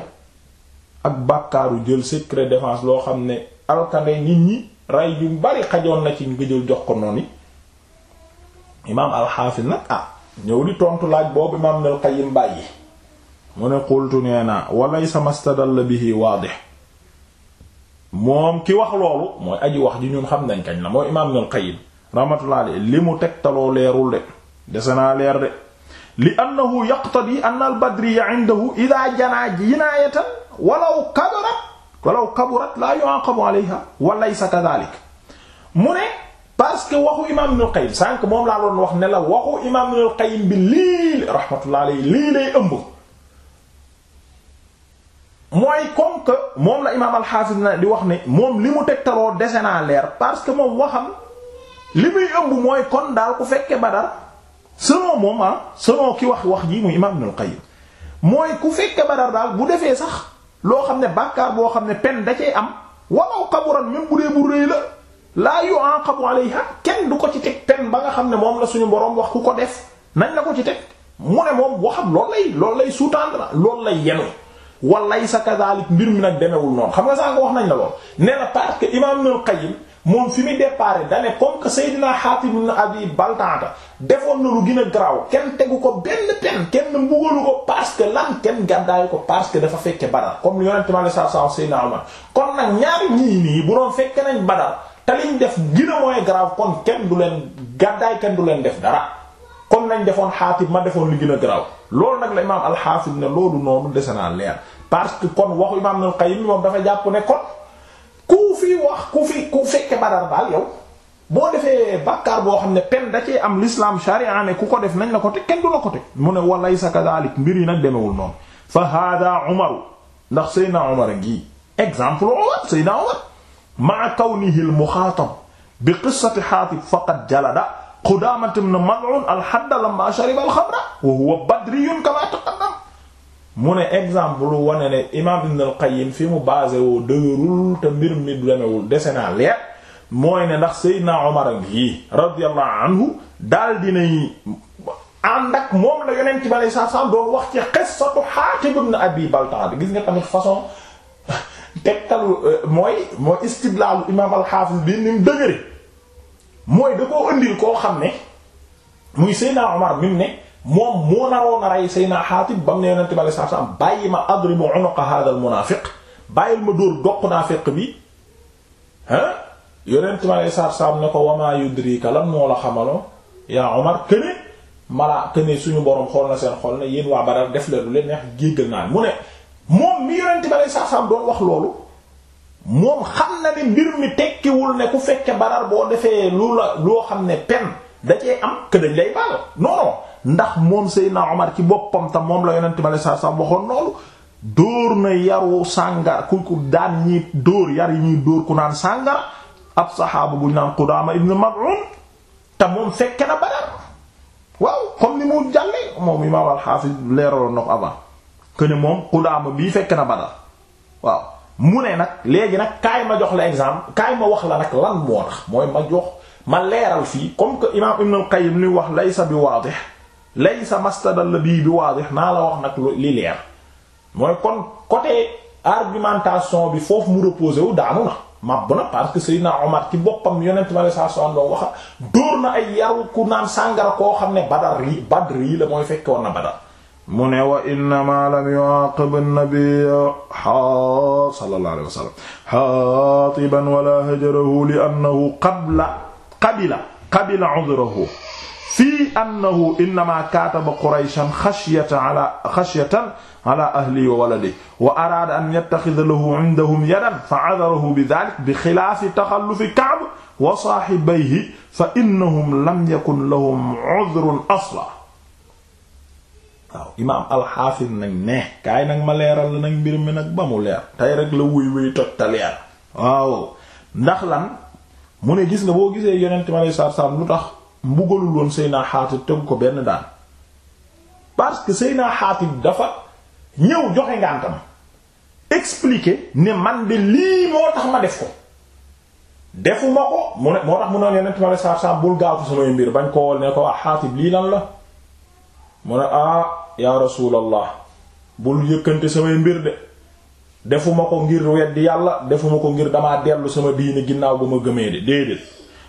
ak bàkkaaru jël secret défense loo xam ne alkande nit ñi rey ju bari xajoon na ci nga jël jox ko noonu imaam alxaafis nag ah ñëw di tontu laaj boobu imaam Ibnul Qayyim bàyyi mu ne qultu nee naa walaysa mastadalla bihi waadih moom ki wax loolu mooy aji wax ji ñun xam nañ kañ na mooy imaam Ibnul Qayyim rahmatullah alayhi li mu tegtaloo leerul de dese naa leer de li annahu yaqtadi anna al-badriya indahu idaa janaa jinaayatan walaw kabarat walaw kaburat laa yu'aqabu alayha walaysa kadhalik mu parce que waxu imaam Ibnul Qayyim sànq moom laa doon wax ne la waxu imaam Ibnul Qayyim bi lii rahmatullah alayhi lii lay ëmb mooy comme moom la imaam al di wax ne moom li mu tegtaloo dese naa leer parce que moom waxam li muy ëmb kon daal ku fekke Badar selon moom ah selon ki wax wax ji muy imaam Ibnul Qayyim mooy ku fekke Badar daal bu defee sax loo xam ne bàkkaar boo xam ne peine da am walaw kaburan même bu dee bu rëy la. laa yu'aqabu alayha kenn du ko ci teg pen ba nga xam ne moom la suñu boroom wax ku ko def nañ na ko ci teg mu ne moom waxam loolu lay loolu lay suutaan tendre loolu lay yenu walay sa kadalik mbir mi nag demewul noonu xam nga saa nga wax nañ la lool nee na parce que imam Ibn Qayyim moom fi mu déparé dane comme que Seydina Hatib ibn Abi Baltaata defoon na lu gën a garaaw kenn tegu ko benn pen kenn mbugalu ko parce que lan kenn gàddaayu ko parce que dafa fekke Badar comme yonente mi aleye kon nag ñaari ñii nii bu doon te liñ def gina mooy grave kon kenn du leen gàddaay kenn du leen def dara kon nañ defoon xaatib ma defoon li gën a grave loolu nag la imaam alxaafis ne loolu noonu dese naa leer parce que kon waxu imaam al Qayyim moom dafa jàpp ne kon ku fi wax ku fi ku fekke badar baal yow boo defee bàkkaar boo xam ne pen da am l'islam sharia ne ku ko def nañ la ko teg kenn du la ko teg mu ne walaysa kadalik mbir yi nag demewul noonu fa hada umaru ndax Seydina Umar exemple Umar maa kawnihi al muxaatab bi qissati xaatib faqad jalada Qudaamah ibn Mal'un al-hadda lamma shariba al-xamra wa huwa badriyun kamaa taqaddam mu ne exemple lu wane ne imaam Ibn al-Qayyim fi mu basé woo dëgërul te mbir mi demewul dese naa leer mooy ne ndax Seydina Omar ak yii radiyallahu anhu daal dinay ànd ak moom la Yonent bi sallallahu alayhi wa sallam doon wax ci qissatu Haatib ibn Abi Baltaa bi gis nga tamit façon. tegtalu euh, mooy mooy istidlaalu imaam alxaafis bi ni dëgëre mooy da koo koo xam ne muy Seydina Omar mi mu ne moom moo naroon a rey Seydina Xaatib ba mu ne yonent bi sallallahu alayhi ma adribu unuqa haadha al munaafiq bàyyil ne ko wa maa yudrika lan moo la xamaloo yaa Omar këne malaa këne suñu borom xool na seen xol ne yéen waa Badar def leen lu leen neex jéggal naa mu ne. moom mi yonent ba lay saasam doon wax loolu moom xam na ni mbir mi tekkiwul ne ku fekke barar boo defee lu la loo xam ne pen da cee am que dañ lay baal non ndax moom Seydina Omar ci boppam tam moom la yonent ba lay saasam waxoon loolu dóor na yaru sàngar ku ku daan ñi dóor yar yi ñuy dóor ku naan sàngar ab saxaaba bu ñu naan Qudaama ibn Mad'un te moom fekke na barar waaw comme ni mu jàlle moom imaam al-Hafiz leeraloon na ko avant que ne moom Qudaama bii fekk na Badar waaw mu ne nag léegi nag kaay ma jox la exemple kaay ma wax la nag lan moo tax mooy ma jox ma leeral fii comme que imaam Ibn al-Qayyim li wax laysa bi waadih laysa mastadal bii bi waadih naa la wax nag li leer mooy kon côté argumentation bi foofu mu reposé wu daanu na màbb na parce que Seydina Omar ci boppam yonent ma la saa soxna wax dóor na ay yaru ku naan sàngara koo xam ne Badar yi Badr yi la mooy fekkoon na Badar. mu ne wa innama lam yu'aqib an-nabiy sallallahu alayhi wa sallam xaatiban wala hajarahu li annahu qabla qabila qabila udhrahu fii annahu innama kaataba qurayshan xashyatan ala xashyatan ala ahlihi wa waladihi wa araada an yattakhidha lahu 'indahum yadan fa'adharahu bidhaalika bi khilaafi takhallufi Ka'b wa saahibayhi fa innahum lam yakun lahum 'udhrun aslan waaw imaam alxaafis nag ne kaay nag ma leeral la nag mbir mi nag ba mu leer tey rek la wuy wuy toj ta leer waaw ndax lan mu ne gis nga boo gisee yonent ma lay saar-saam lu tax mbugalul woon Seydina Xaatib tegu ko benn daan parce que Seydina Xaatib dafa ñëw joxe ngàntam expliquer ne man de lii moo tax ma def ko defuma ko mu ne moo tax mu ne yonent ma lay saar-saam bul gaawtu samay mbir bañ ko wol ko waa ah, Xaatib lii lan la mu ne ah yaa rasuulallah bul yëkkante samay mbir de defuma ko ngir weddi yàlla defuma ko ngir damaa dellu sama diine ginnaaw bu ma gëmee de déedéet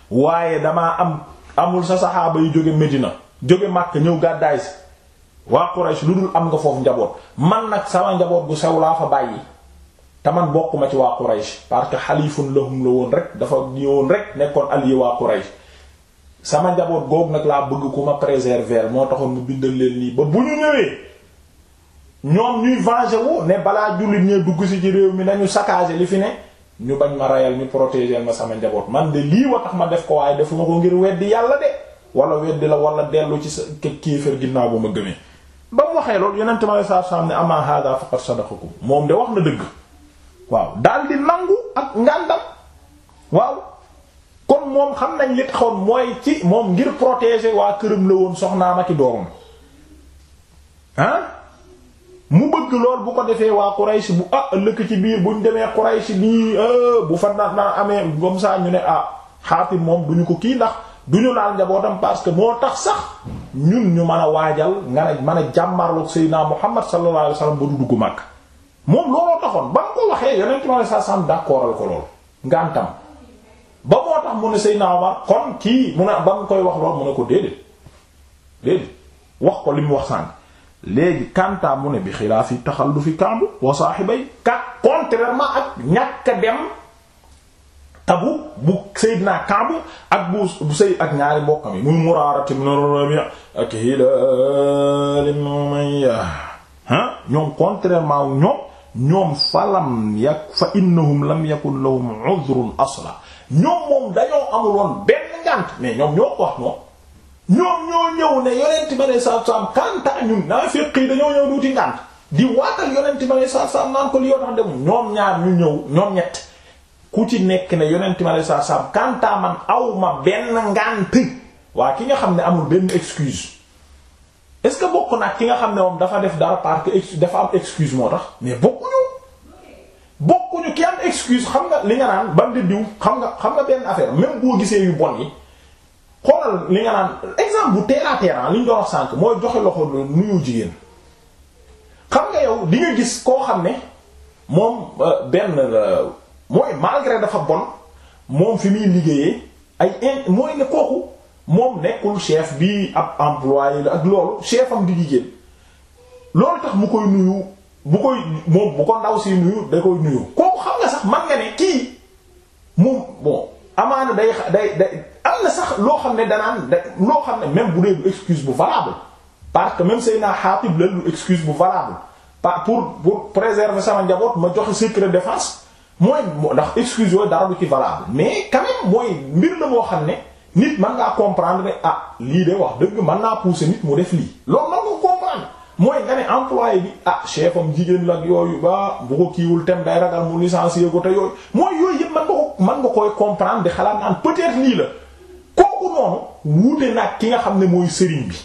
waaye damaa am amul sa saxaaba yu jóge Medina jóge Màkk ñëw gàddaay si waa Quraysh lu dul am nga foofu njaboot man nag sama njaboot bu sew laa fa bàyyi te man bokkuma ci waa Quraysh parce que xalifun lahum la woon rek dafa ñëwoon rek nekkoon allié waa Quraysh sama njaboot goog nag laa bëgg ku ma préserver moo taxoon mu bindal leen lii ba bu ñu ñëwee ñoom ñuy venger wu ne balaa jullit ñee dugg si ci réew mi nañu saccager li fi ne ñu bañ ma rayal ñu protéger ma sama njaboot man de lii wa tax ma def ko waaye defuma ko ngir weddi yàlla de wala weddi la wala dellu ci sa kéefër ginnaaw bu ma gëmee ba mu waxee loolu yonente ma saa saam ne ama hada faqad ko moom de wax na dëgg waaw daal di nangu kon moom xam nañ ni taxoon mooy ci moom ngir protéger waa këram la woon soxnaam ak doomam ah mu bëgg lool bu ko defee waa Quraysh bu ah lëkk ci biir buñ demee Quraysh nii euh, bu fa naan naa amee comme ça ñu ne ah Xaatim moom duñu ko kii ndax duñu laal njabootam parce que moo tax sax ñun ñu mën a waajal nga ne mën a jàmmarloog Seydina Muhammad sallallahu alayhi wasallam ba du dugg Makka moom looloo taxoon ba nga ko waxee yonent mi sallallahu alayhi wasallam d'accordal ko lool ngantam ba moo tax mu ne Seydina Omar kon kii mu ne ba mu koy wax lool mu ne ko déedéet déedéet wax ko li mu wax sànq léegi kantaa mu ne bi xilaafi taxallufi Kaab wa saaxibay ka contrairement ak ñàkk a dem tabu bu Seydina Kaab ak bu bu Seyd ak ñaari mbokkam yi muy Muraara ibn Rabi' ak Hilaal ibn Umayya ha ah, ñoom contrairement ñoom ñoom fa lam yak fa innahum lam yakun lahum udhrun asla ñoom moom dañoo amul woon benn ngànt mais ñoom ñoo ko wax moom ñoom ñoo ñëw ne yonent bi aleyhi salaatu salaam kanta ñun naafiq yi dañoo ñëw duuti ngànt di waatal yonent bi aleyhi salaatu salaam naan ko li yoo tax dem ñoom ñaar ñu ñëw ñoom ñett ku ci nekk ne yonent ma aleyhi salaatu salaam kanta man aw ma benn ngànt waa ki nga xam ne amul benn excuse est-ce que bokk nag ki nga xam ne moom dafa def dara parce que dafa am excuse moo tax mais bokkuñu bokkuñu ki am excuse xam nga li nga naan ban di diw xam nga xam nga benn affaire même boo gisee yu bon yi xoolal li nga naan exemple bu terre à terre ah li ñu doon wax sànq mooy joxe loxo nuyu jigéen nga yow nga gis koo xam ne moom euh, benn euh, mooy malgré dafa bon moom fi muy liggéeyee ay in mooy ne kooku moom nekkul chef bi ab employé la ak loolu chef am di jigéen loolu tax mu koy nuyu. bu koy moom bu ko ndaw si nuyu da koy nuyu kooku xam nga sax man nga ne kii moom bon amaana day day day am sax loo xam ne danaan da loo xam ne même bu dee du excuse bu valable parce que même Seydina Xaatib la du excuse bu valable pa pour pour préserver sama njaboot ma joxe secret défense mooy ndax excuse yooyu dara du ci valable mais quand même mooy mbir la moo xam ne nit mën ngaa comprendre ne ah lii de wax dëgg man naa pousser nit mu def lii loolu mooy nga ne employé bi ah chefam jigéen la ak yooyu ba bu ko kiiwul tem day ragal mu licencié te yooyu mooy yooyu yëpp man nga ko man nga koy comprendre di xalaat naan peut-être lii la kooku noonu wuute nag ki nga xam ne mooy sëriñ bi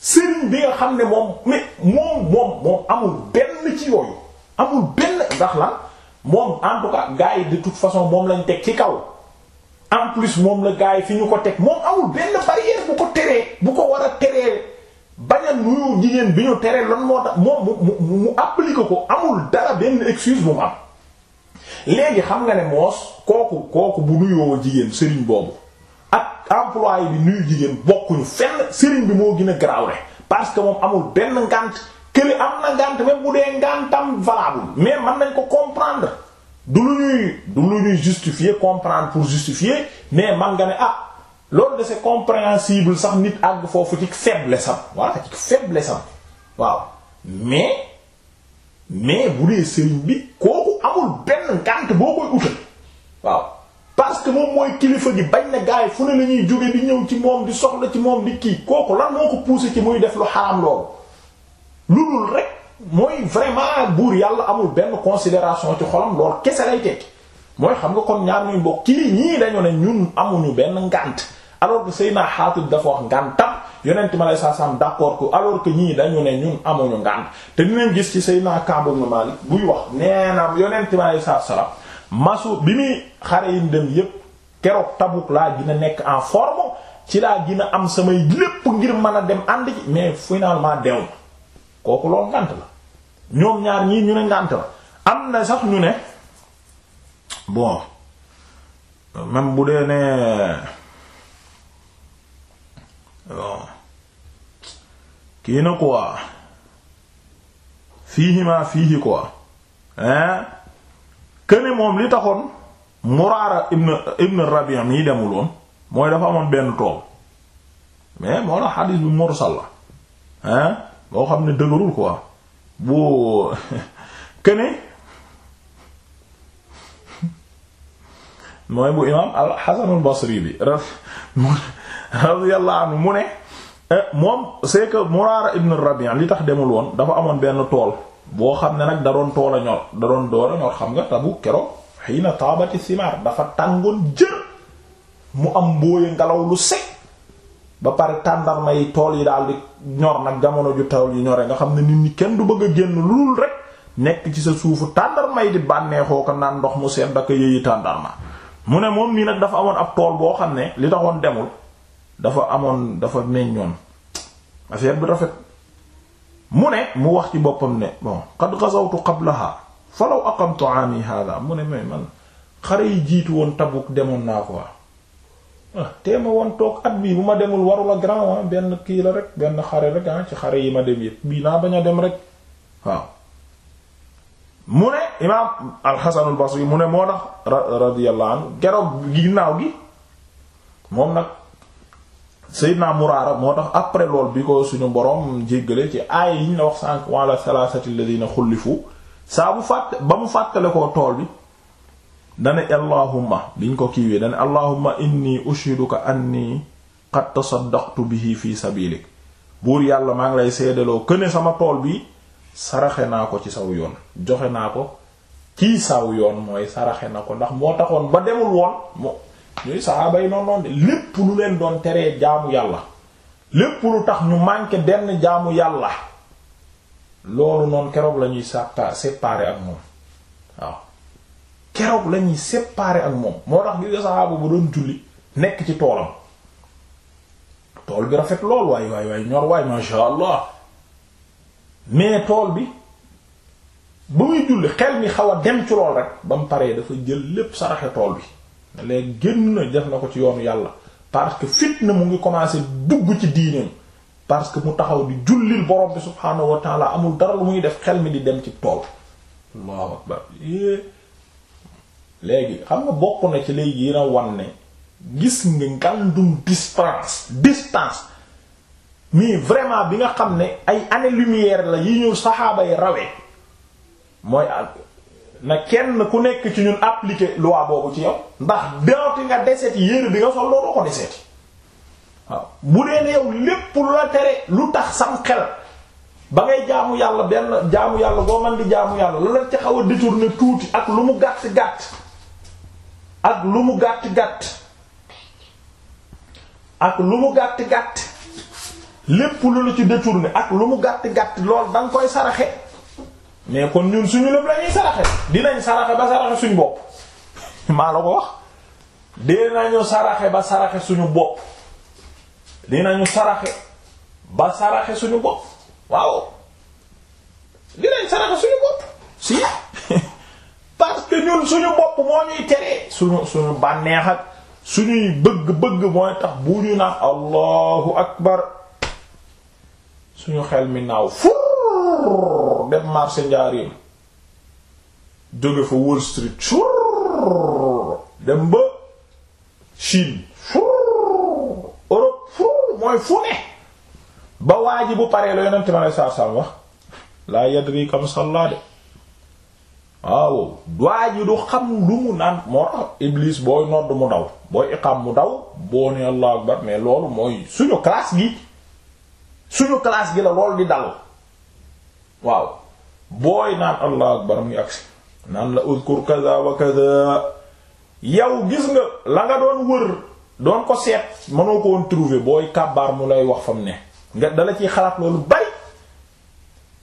sëriñ bi nga xam ne moom mais moom moom amul benn ci yooyu amul benn ndax la moom en tout cas gars yi de toute façon moom lañ teg ci kaw en plus moom la gars yi fi ñu ko teg moom amul benn barrière bu ko teree bu ko war a teree bañ a nuyu jigéen bi ñu teree lan moo tax moom mu mu appliquer ko amul dara benn excuse bu mu am léegi xam nga ne moos kooku kooku bu nuyoo jigéen sëriñ boobu ak employé bi nuyu jigéen bokkuñu fenn sëriñ bi moo gën a garaawle parce que moom amul benn ngant kële am na ngant même bu dee ngantam valable mais mën nañ ko comprendre du lu ñuy du lu ñuy justifier comprendre pour justifier mais man nga ne ah loolu dese c'est compréhensible sax nit àgg foofu ci faiblesse am voilà ci faiblesse waaw mais mais bu dee sëriñ bi kooku amul benn ngànt boo koy utal waaw parce que moom mooy kilifa gi bañ na gaay fu ne la ñuy jóge bi ñëw ci moom di soxla ci moom di kii kooku lan moo ko poussé ci muy def lu xaram loolu lulul rek mooy vraiment buur yàlla amul benn considération ci xolam loolu kese lay tekki mooy xam nga kon ñaar ñuy bokk kii ñii dañu ne ñun amuñu benn ngànt alors que Seyna Xaatib dafa wax ngàntam yonent mi saa salaam d'accord ko alors que ñii dañu ne ñun amuñu ngànt te dinañ gis ci Seyna Kaab ibn Maalik buy wax nee na yonent mi alayhi salaam masu bi muy xare yi dem yépp keroog Tabuk laa gën a nekk en forme ci laa gën a am samay lépp ngir mën a dem ànd ji mais finalement deew ma kooku loolu ngànt la ñoom ñaar ñii ñu ne ngànt la am na sax ñu ne bon même bu dee ne. bon kii na quoi fiihi ma fiihi quoi eh? këne moom li taxoon Muraara ibn ibn Rabi' mii demul mooy dafa amoon benn tool mais moo la xadiis bu mursal la hein eh? xam ne dëgërul quoi bu këne mooy bu imaam al Hasan Basri bi yàlla anhu mu ne eh, moom c'est que Murara ibn li tax demul woon dafa amoon benn tool boo xam ne nag da doon tool a ñor da doon door a ñor xam nga Tabuk keroog xiina taabati simaar dafa tàngoon jër mu am mbooye ngelaw lu sec ba pare tàndarma yi tool yi daal di ñor nag jamono ju taw yi ñore nga xam ne nit ñi kenn du bëgg a génn lul rek nekk ci sa suufu tàndarma yi di bànneexoo ko naan ndox mu seen daka yëyi tàndarma mu ne moom mii nag dafa amoon ab tool boo xam ne li taxoon demul dafa amoon dafa meññoon affaire bi rafet mu ne mu wax ci boppam ne bon qad ghazawtu qablaha falaw aqamtu aami hada xare yi jiitu woon Tabuk demoon naa ko ah tee woon toog at bii bu ma demul warula grand ah benn kii la rek benn xare rek ah ci xare yi ma dem yëpp bii naa bañ a dem rek waaw mu ne imaam al-Hasan al mu ne moo tax radiyallahu anhu geroog ginnaaw gi moom nag Seydina Muraara moo tax après lool bi ko suñu borom jéggale ci aaya yi ñu la wax sànq wala salaasati alladina xullifu saa bu fàtt ba mu fàttale koo tool bi dane allahumma biñ ko kiiwee dane allahumma inni ushiduka anni qad tasaddaqtu bihi fi sabilik buur yàlla maa ngi lay seedaloo këne sama tool bi saraxe naa ko ci saw yoon joxe naa ko ci saw yoon mooy saraxe na ko ndax moo taxoon ba demul woon ñuy saxaaba yi noonu noonu de lépp lu leen doon teree jaamu yàlla lépp lu tax ñu manqué benn jaamu yàlla loolu noonu keroog la ñuy sapa séparé ak moom waaw keroog la ñuy séparé ak moom moo tax gis nga saxaaba bu doon julli nekk ci toolam tool bi rafet lool waay waay waay ñor waay masha allah mais tool bi ba muy julli xel mi xaw dem ci lool rek ba mu paree dafa jël lépp saraxe tool bi léegi génn na def na ko ci yoonu yàlla parce que fit na mu ngi commencé dugg ci diineem parce que mu taxaw di jullil borom bi subhaanahu wa taala amul dara lu muy def xel mi di dem ci tool allahu akbar léegi xam nga bokk na ci léegi yi wan ne gis nga ngàndum distance distance mais vraiment bi nga xam ne ay années lumière la yi ñu saxaaba yi rawee mooy na kenn ku nekk ci ñun appliquer loi boobu ci yow ndax dooti nga deseeti yére bi nga sol looloo ko deseeti waaw bu dee ne yow lépp lu la tere lu tax sam xel ba ngay jaamu yàlla benn jaamu yàlla boo man di jaamu yàlla la la ci xaw a détourner tuuti ak lu mu gàtt gàtt ak lu mu gàtt gàtt ak lu mu gàtt gàtt lépp lu la ci détourner ak lu mu gàtt gàtt lool danga koy saraxe mais kon ñun suñu lépp lañuy saraxe dinañ saraxe ba saraxe suñu bopp maa la wax dinañu saraxe ba saraxe suñu bopp dinañu ba saraxe suñu bopp waaw dinañ saraxe suñu bopp si parce que ñun suñu bopp moo ñuy teree suñu suñu bànneex suñuy bëgg-bëgg mooy tax bu ñu naan allahu akbar suñu xel mi naaw fur dem marché njaarim jóge fa Wall Street sur dem ba Chine sur Europe sur mooy fu ba waa ji bu paree la yonent ma lay saar-sam wax laa yadri kam salla de waaw waa ji du xam lu mu naan moo tax Iblis booy nodd mu daw booy iqam mu daw boo ne Allahu akbar mais loolu mooy suñu classe gi suñu classe gi la loolu di dal waaw booy naan allah akbar muy agsi naan la udkur kaza wa kaza yow gis nga la nga doon wër doon ko seet mënoo ko woon trouver booy kàbbaar mu lay wax fam ne nga dala ciy xalaat loolu bari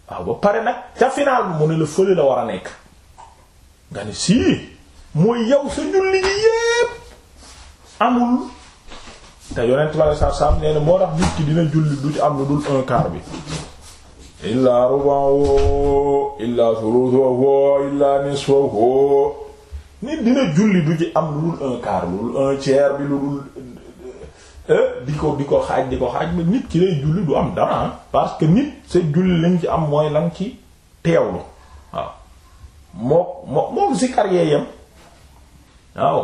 waaw ba pare nag ca final bi mu ne la fële la war a nekk nga ni sii mooy yow sa julli gi yépp amul te yonent bi sallallahu alayhi wasallam nee na moo tax nit ki dina julli du ci am lu dul un quart bi illaa rubahu illaa thuluthuhu illaa nisfuhu nit dina julli du ci am lu dul un quart lu dul un tiers bi lu dul eh, di ko di ko xaaj di ko xaaj ba nit ki lay julli du am dara parce que nit sa julli lañ ci am mooy lan ci teewlu waaw mook moo mook zikar yee yem waaw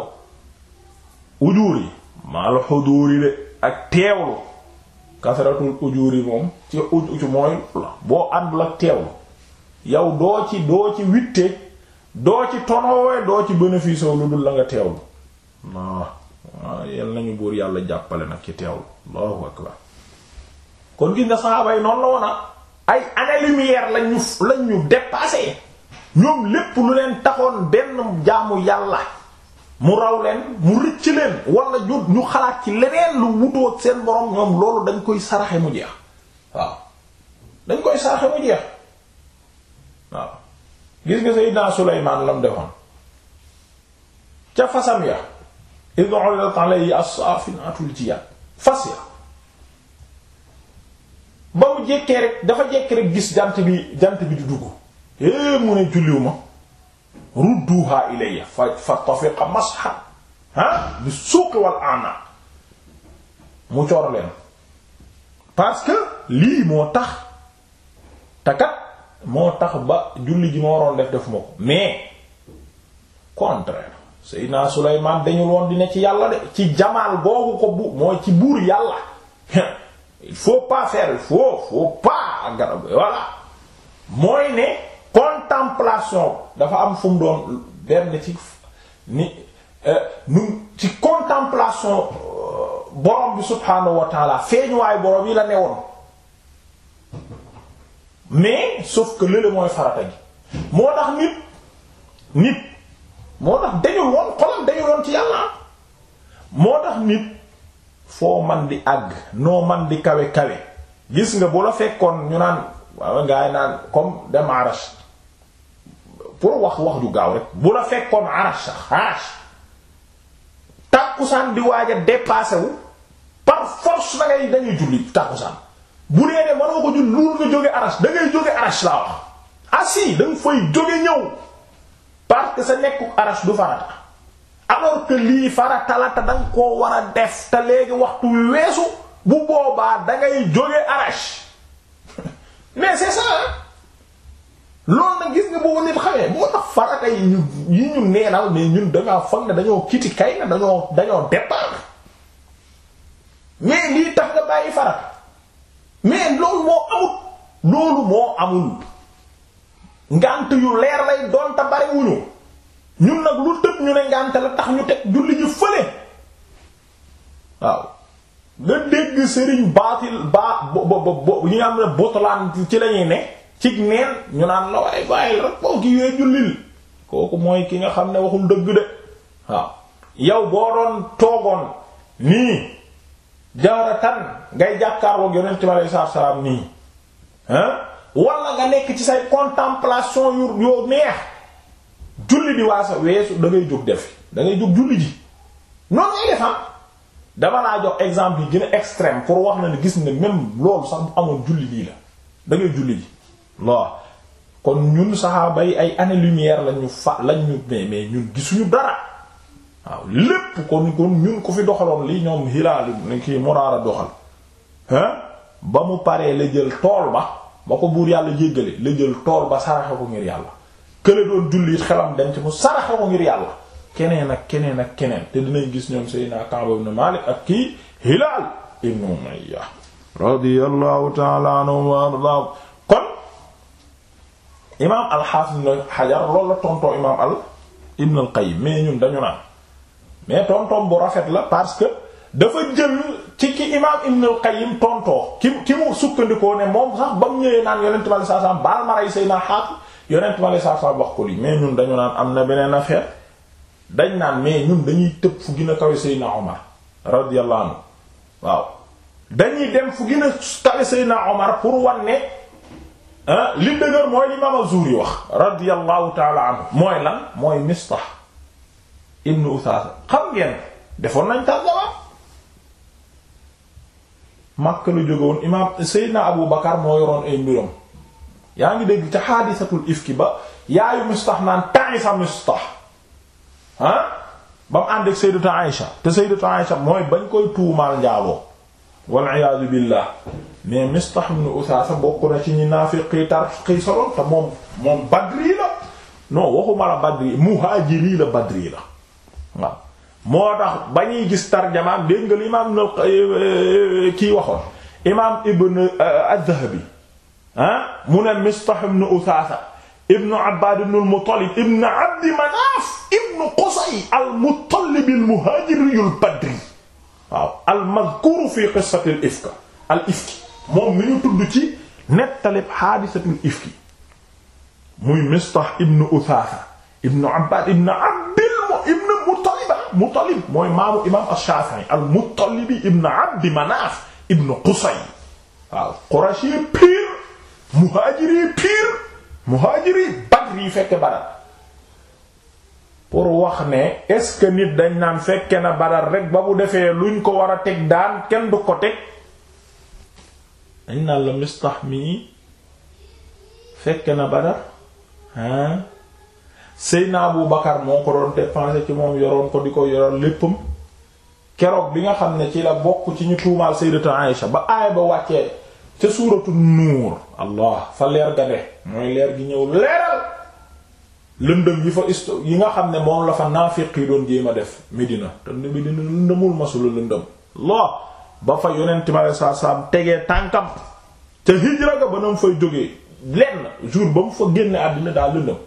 ujuur yi mal xuduur yi de ak teewlu kasaratul ujuri moom ci uju mooy boo àndul ak teew yow doo ci doo ci witte doo ci tonowe doo ci bénéfice lu dul la nga teewlu waaw waaw yal nañu buur yàlla jàppale nag ci teewlu allahu akbar kon gis nga saxaaba yi la woon ah. ay année lumière lañu lañu dépassé ñoom lépp lu leen taxoon benn jaamu yàlla mu raw leen mu rëcc leen wala ñu ñu xalaat ci leneen lu wutoo seen borom ñoom loolu dañ koy saraxe mu jeex waaw dañ koy saraxe mu jeex waaw gis nga Seydina Sulaymaan lam defoon ca fasam ya idh 'ulirat alayhi as-saafinatul jiyaad fas ya ba mu jekkee rek dafa jekki rek gis jant bi jant bi di dugg é mu ne julliwuma rudduha ilayya fa fa tafiqa mashan ah bi suuqi wal mu coor leen parce que lii moo tax takat moo tax ba julli ji ma waroon def defuma ko mais contraire Seydina Sulaymaan dañu loon dina ci yàlla de ci jamaal googu ko bu mooy ci buur yàlla il faut pas faire il faut faut pas garab voilà mooy ne contemplation dafa am fu mu doon benn ci ni euh, nu ci contemplation euh, borom bi subhaanahu wa taala feeñuwaayu borom yi la newoon mais sauf que lële mooy farata gi moo tax nit nit moo tax dañu woon xolam dañu woon ci yàlla moo tax nit foo man di àgg noo man di kawe kawe gis nga boola fekkoon ñu naan waaw ngaay naan comme dem arash pour wax wax du gaaw rek bu la fekkoon arash sax arash tàkkusaan di waaj a par force da ngay julli tàkkusaan bu dee ne mënoo ko jul loolu nga jóge arash da ngay jóge arash laa wax assi ah da fay jóge ñëw parce que sa nekku arash du farata alors que lii farata la te da nga koo war def te léegi waxtu wi weesu bu boobaa da ngay jóge arash mais c'est loolu nag gis nga boobu nit xamee moo tax farata yi ñu yi ñu mais ñun dangaa foog ne dañoo kiti kay na dañoo dañoo départ mais lii tax nga bàyyi farata mais loolu moo amul loolu moo amul ngant yu leer lay doon te ñun nag lu tëb ñu ne ngant la tax ñu teg julli ñu fële waaw nga dégg sëriñ baatil ba bo bo bo yi nga xam ne botlaan ci lañuy ne cig neen ñu naan la waaye bàyyil rek boo ki wee jullil kooku mooy ki nga xam ne waxul dëgg de waaw yow boo doon toogoon nii jaaratan ngay jàkkaarloog yonent bi aleyhi salaatu salaam nii hein wala nekk ci say contemplation yu yoo neex julli di waa sa weesu da ngay jóg def da ngay jóg julli ji noonu ngay defam ah. dama laa jox exemple yi gën a extrême pour wax na ni gis ne même loolu sax bu amoon julli lii la da julli ji waaw kon ñun saxaaba yi ay année lumière lañu fa lañu mais mais ñun gisuñu dara waaw lépp kon kon ñun ku fi doxaloon li ñoom Hilaal kii Muraara doxal hein ba mu paree la jël tool ba ba ko buur yàlla jéggale la jël tool ba saraxe ko ngir yàlla kële doon julli it xelam dem ci mu saraxe ko ngir yàlla keneen ak keneen ak keneen te dinañ gis ñoom Seydina Kaab ibn Maalik ak kii Hilaal ibn Umayya radiyallahu ta'ala anhu wa ardaa kon imaam alxaafis ibn xajar loolu la tontoo imaam al ibn al qayyim mais ñun dañu naan mais tontoom bu rafet la parce que dafa jël ci ki imaam ibn al tontoo ki ki mu sukkandikoo ne moom sax ba mu ñëwee naan yonent bi sallallahu alayhi wasallam baal ma rey say naa xaat wax ko lii mais ñun dañu naan am na beneen affaire dañ naan mais ñun dañuy tëb fu gën a kawe Seydina Omar radiyallahu anhu waaw dañuy dem fu gën kawe Seydina Omar pour wan Ah, li dëgër mooy li imaam az-Zuhri wax radiyallahu taala anhu mooy lan mooy Mistah ibn Uthatha xam ngeen defoon nañ tarjama Makka lu imaam Seydina Abu Bakar moo yoroon ay mbiram yaa ngi dégg ca xaadisatul ifki ba yaayu Mistah naan ta'isa Mistah ah ba mu ànd ak Sayyidatu mooy bañ koy tuumaal njaaloo wal iyaadu billah mais Mistah ibn Uthatha bokk na ci ñi naafiqi tarqi solo te moom moom badri la non waxuma la badri muhaajiri la badri la waaw moo tax ba ñuy gis tarjamaam dégg nga li imaam eh, kii waxoon imaam Ibn eh, Az-Zahabi ah mu ne Mistah ibn Uthatha ibn Abbad ibn al-Muttalib ibn Abd Manaf ibn Qusay al-Muttalib al-Muhaajiri al-Badri waaw al mazkuur fi qissati al ifka al ifki moom mi ñu tudd ci nettalib xaadisatul ifki muy Mistah ibn Uthatha ibn Abbad ibn Abdil ibn Muttalib Muttalib mooy maamu imaam ash-Shafi'i al-Muttalibi ibn Abd Manaf ibn Qusay waaw Qurashi pire muhajiri pire muhajiri Badri fekk Badr pour wax ne est-ce que nit dañ naan fekke na Badar rek ba mu defee luñ ko war a teg daan kenn du ko teg dañ naan la mistax mii fekke na Badar ah Seyna bu Bakar moo ko doon dépensé ci moom yoroon ko di ko yoroon léppam keroog bi nga xam ne ci la bokk ci ñu tuumaal Sayyidatu Aïsha ba aay ba wàccee ca suuratu nuur allah fa leer ga de mooy leer gi ñëw leeral lëndëm yi fa isto yi nga xam ne moom la fa naafiq yi doon jéem a def Medina te Medina lëndëmul masula lëndëm loo ba fa yonent ma saa saam tegee te hijra ga jour ba mu fa génne àddina daa lëndëm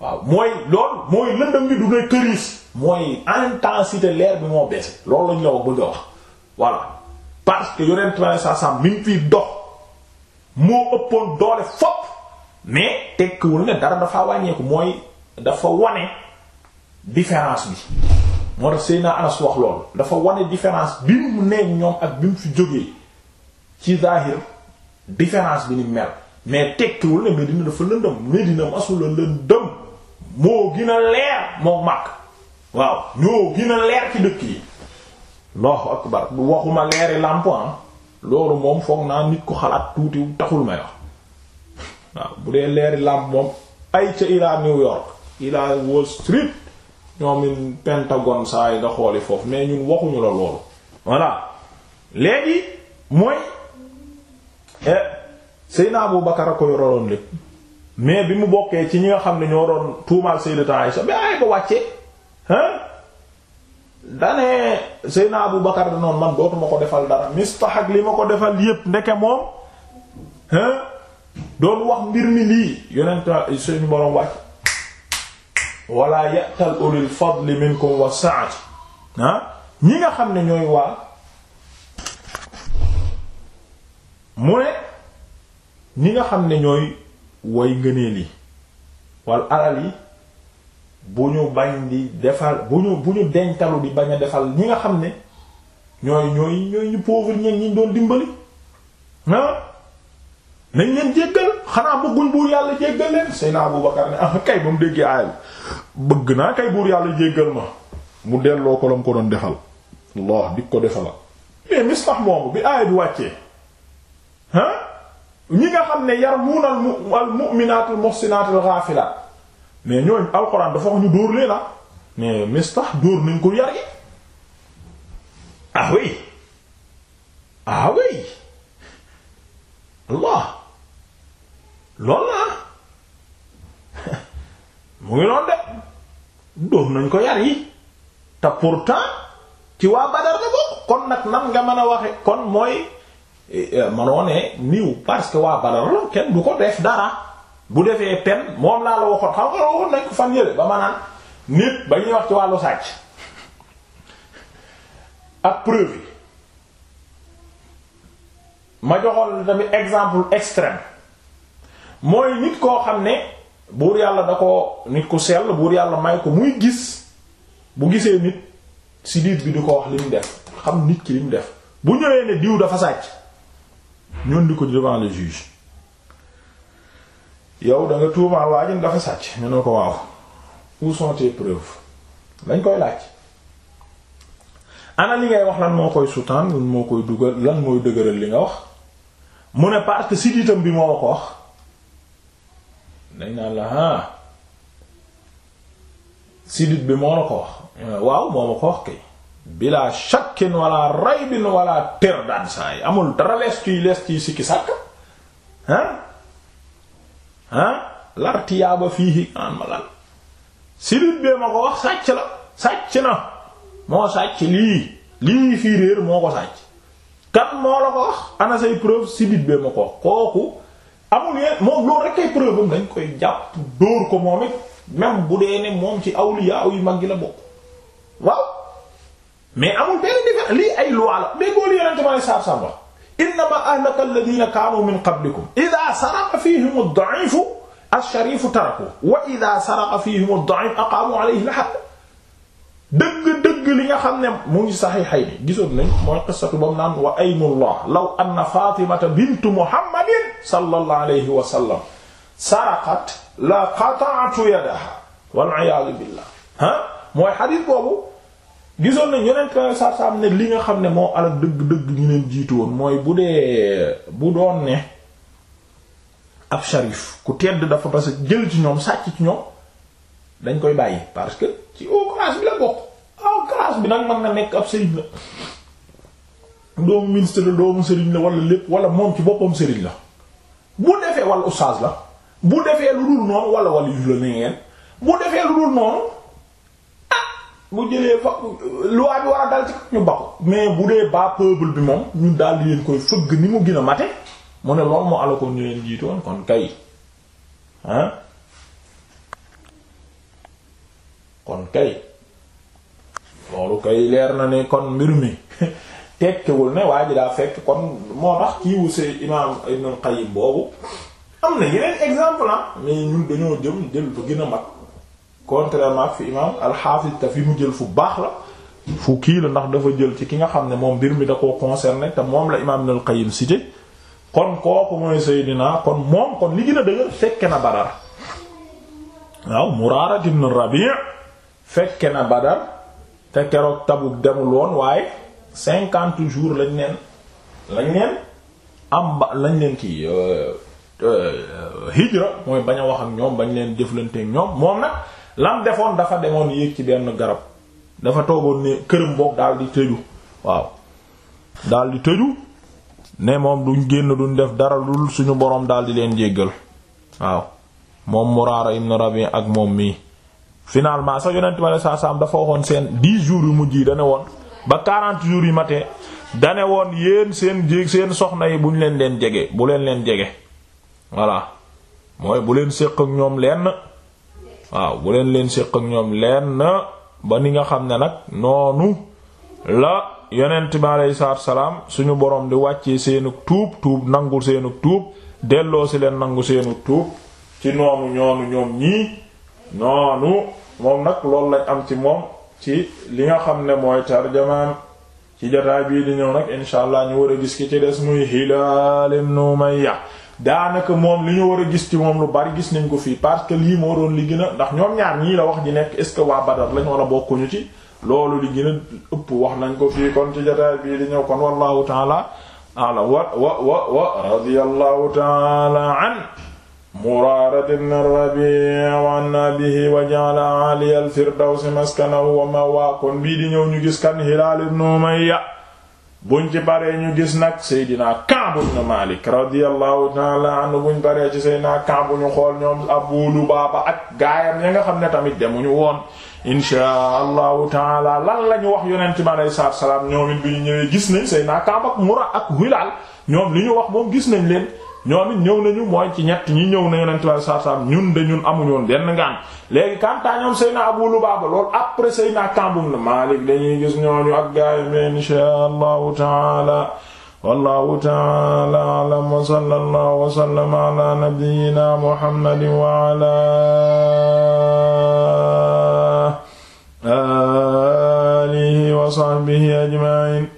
waaw mooy loolu mooy lëndëm bi du ne këriis leer bi moo beese loolu lañ la wax bëgg a wax parce que yonent ma saa saam mi mu dox moo ëppoon doole fopp mais tekkiwul ne dara dafa wàññeeku mooy dafa wane différence bi moo tax Seydina Anas wax loolu dafa wane différence bi mu neeg ñoom ak bi mu fi jógee ci zahir différence bi ni mel mais tekkiwul ne Medina dafa lëndëm Medina masula lëndëm moo gën a leer moo mag waaw ñoo gën a leer ci dëkk yi Allahu akbar bu waxuma leeri lamp ah. loolu moom foog naa nit ko xalaat tuuti taxul may wax waaw bu dee leeri làmp moom ay ca ilaa New York ilaa Wall Street ñoomin Pentagon saa yi nga xooli foofu mais ñun waxuñu la loolu voilà léegi mooy eh, naa Abu Bakar a ko yoroloon lépp mais bi mu bokkee ci ñi nga xam ne ñoo doon tuumaal Sayyidatuna Aisha ba ay ba wàccee hein dane naa Abu Bakar danoon man dootuma ko defal dara mistax ak li ma ko defal yépp ndeke moom hein doon wax mbir mi lii yonenta suñu boroom wàcc wala ya'tal ulul fadli minkum wa sa'ati ah ñi nga xam ne ñooy waa mu ne ñi nga xam ne ñooy way ngëneel yi wal alal yi bu ñu bañ di defal bu ñu bu ñu dencalu di bañ a defal ñi nga xam ne ñooy ñooy ñooy ñu pauvre ñeen ñi doon dimbali ah nañ leen jéggal xanaa bëgguñ buur yàlla jéggal leen Seydina Abu Bakar ne ah kay ba mu déggee aayam bëgg naa kay buur yàlla jéggal ma mu delloo ko la mu ko doon defal Allah di ko defal mais bi aaya bi wàccee ñi nga xam ne yarmuuna al mu'minaatul muhsinaatul gaafilaat mais ñooñ alxuraan dafa ñu dóor leen ah mais mislax dóor nañ ko yar yi ah oui ah oui Allah loolu la mu ngi noonu de dóor nañ ko yar yi te pourtant ci waa Badar la bokk kon nag nan nga mën a waxe kon mooy eh, eh, manoo ne parce que waa Badar la kenn du ko def dara bu defee pen moom laa la waxoon xam nga la waxoon nañ ko fan yële ba ma naan nit ba ñuy wax ci wàllu sàcc ak preuve ma joxoon tamit exemple extrême mooy nit koo xam ne buur yàlla da ko nit ku sell buur yàlla may ko muy gis bu gisee nit si diit bi di ko wax li def xam nit ki li def bu ñëwee ne diw dafa sàcc ñun di ko devant le juge yow da nga tuumaal waa ji dafa sàcc ñu ne ko waaw où sont tes dañ koy laaj ana li ngay wax lan moo koy sutaan lan moo koy dugal lan mooy dëgëral li nga wax mu ne parce que si diitam bi moo ko wax dañ naan la ah sidit bi moo la ko wax waaw moo ma ko wax kay bila shakkin wala raybin wala terdaan saa yi amul dara lees ciy lees ciy sikki sàkk ah ah lartiyaaba fiihi an ma lan sidit bee ma ko wax sàcc la sàcc na moo sàcc lii lii fii réer moo ko sàcc kan moo la ko wax ana say preuve sidit bee ma ko wax kooku amul yéen moom loolu rek kay preuve am dañ koy jàpp dóor ko moom it même bu dee ne moom ci awliya yu mag yi la bokk waaw mais amul benn différence lii ay loi la mais góor yi yonente ma lay saaf saaf wax innama ahlaka alladhina kaanu min qablikum idha saraqa fihim ad-da'ifu ash-sharifu taraku wa idha saraqa fihim ad-da'if aqamu alayhi al-haqq dëgg li nga xam ne mu ngi saxiixay ni gisoon nañ mooy qissatu bam naan wa aynullah law anna fatimata bintu muhammadin sallallahu alayhi wa sallam saraqat la qata'tu yadaha wal iyaadu billah ha mooy xadiis boobu gisoon nañ yeneen kër saabsaab ne li nga xam ne moo alal dëgg-dëgg ñu leen jiitu woon mooy bu dee bu doon ne ab sharif ku tedd dafa parce que jël ci ñoom sàcc ci ñoom dañ koy bàyyi parce que ci au classe bi la bokk phrase bi nag mën na nekk ab sëriñ la doomu ministre doomu sëriñ la wala lépp wala moom ci boppam sëriñ la bu defee wala oustaz la bu defee lu dul noonu wala wala yu la ne ngeen bu defee lu dul noonu ah, bu jëlee fa loi bi war dal ci ñu bako mais bu dee baa peuple bi moom ñun daal di leen koy fëgg ni mu gën a mate mu ne loolu moo alakoon ñu leen jiitoon kon kay ah kon kay loolu kay leer na ne kon mbir mi tekkiwul ne waa ji daa fekk kon moo tax kii wu see imaam Ibn Qayyim boobu am na yeneen exemple ah mais dañoo jëm jël fa gën a mag contrairement ak fi imaam al-Hafiz fi mu jël fu baax la fu kii la ndax dafa jël ci ki nga xam ne moom mbir mi da koo concerné te moom la imaam Ibn Qayyim cité kon kooku mooy Seydina kon moom kon li gën a dëgër fekke na Badar waaw Muraara ibn Rabi' fekke na Badar. te keroog Tabuk waaye cinquante jour lañ leen lañ leen am ba lañ leen kii euh, euh, hijra mooy bañ a wax ak ñoom bañ leen jëflanteek ñoom moom nag lam defoon dafa demoon yéeg ci benn garab dafa toogoon ne këram boog daal di tëju waaw daal di tëju ne moom du génn duñ def dara lul suñu boroom daal di leen jéggal waaw moom Muraara ibn Rabi ak moom mii finalement sax yonent ma ne saa saam dafa waxoon seen 10 jours yu mujj yi dane woon ba 40 jours yu matee dane woon yéen seen jéeg seen soxna yi bu ñu leen leen jege bu leen leen jege voilà mooy bu leen séq ak ñoom lenn waaw bu leen leen séq ak ñoom lenn ba ni nga xam ne nag noonu la yonent bi aleyhi salaatu salaam suñu borom di wàccee seenu tuub tuub nangu seenu tuub delloo si leen nangu seenu tuub ci noonu ñoonu ñoom ñii noonu moom nag loolu lañ am ci moom ci li nga xam ne mooy tarjamaam ci jotaay bii di ñëw nag insha allah ñu war a gis ki ci des muy Hilaal ibn Umayya daanaka moom li ñu war a gis ci moom lu bari gis nañ ko fii parce que lii moo doon li gën a ndax ñoom ñaar ñii la wax ji nekk est-ce que waa Badar lañ wala bokkuñu ci loolu li gën ëpp wax nañ ko fii kon ci jotaay bii di ñëw kon wallahu taala ala wa wa wa wa radiyallahu taala an Muraara ibn Rabii' wa an wa ja'ala aaliya al-firdawsi maskanahu wa ma'waahu kon bii di ñëw ñu gis kan Hilaal ibn Umayya buñ ci baree ñu gis nag Seydina Ka'b ibn Maalik radiyallahu ta'ala anhu buñ baree ci Seydina Ka'b ñu xool ñoom Abu Lubaaba ak gaayam ya nga xam ne tamit demuñu woon inshaa allahu taala lan lañu wax yonent bi alayhi salaatu wa salaam ñoom bi ñu ñëwee gis nañ Seydina Ka'b ak Muraara ak Hilaal ñoom li ñu wax moom gis nañ leen ñoom it ñëw nañu mooy ci ñett ñi ñëw na yonent bi saa saam ñun de ñun amuñu woon benn ngaan léegi kantaa ñoom Seydina Abu Lubaaba loolu après Seydina kambum la Maalik dañuy gis ñooñu ak gaay mi inshaa Allahu taala wallahu taala alam wa sallallahu wa sallama ala nabiyyina Muhammadin wa ala alihi wa sahbihi ajma'in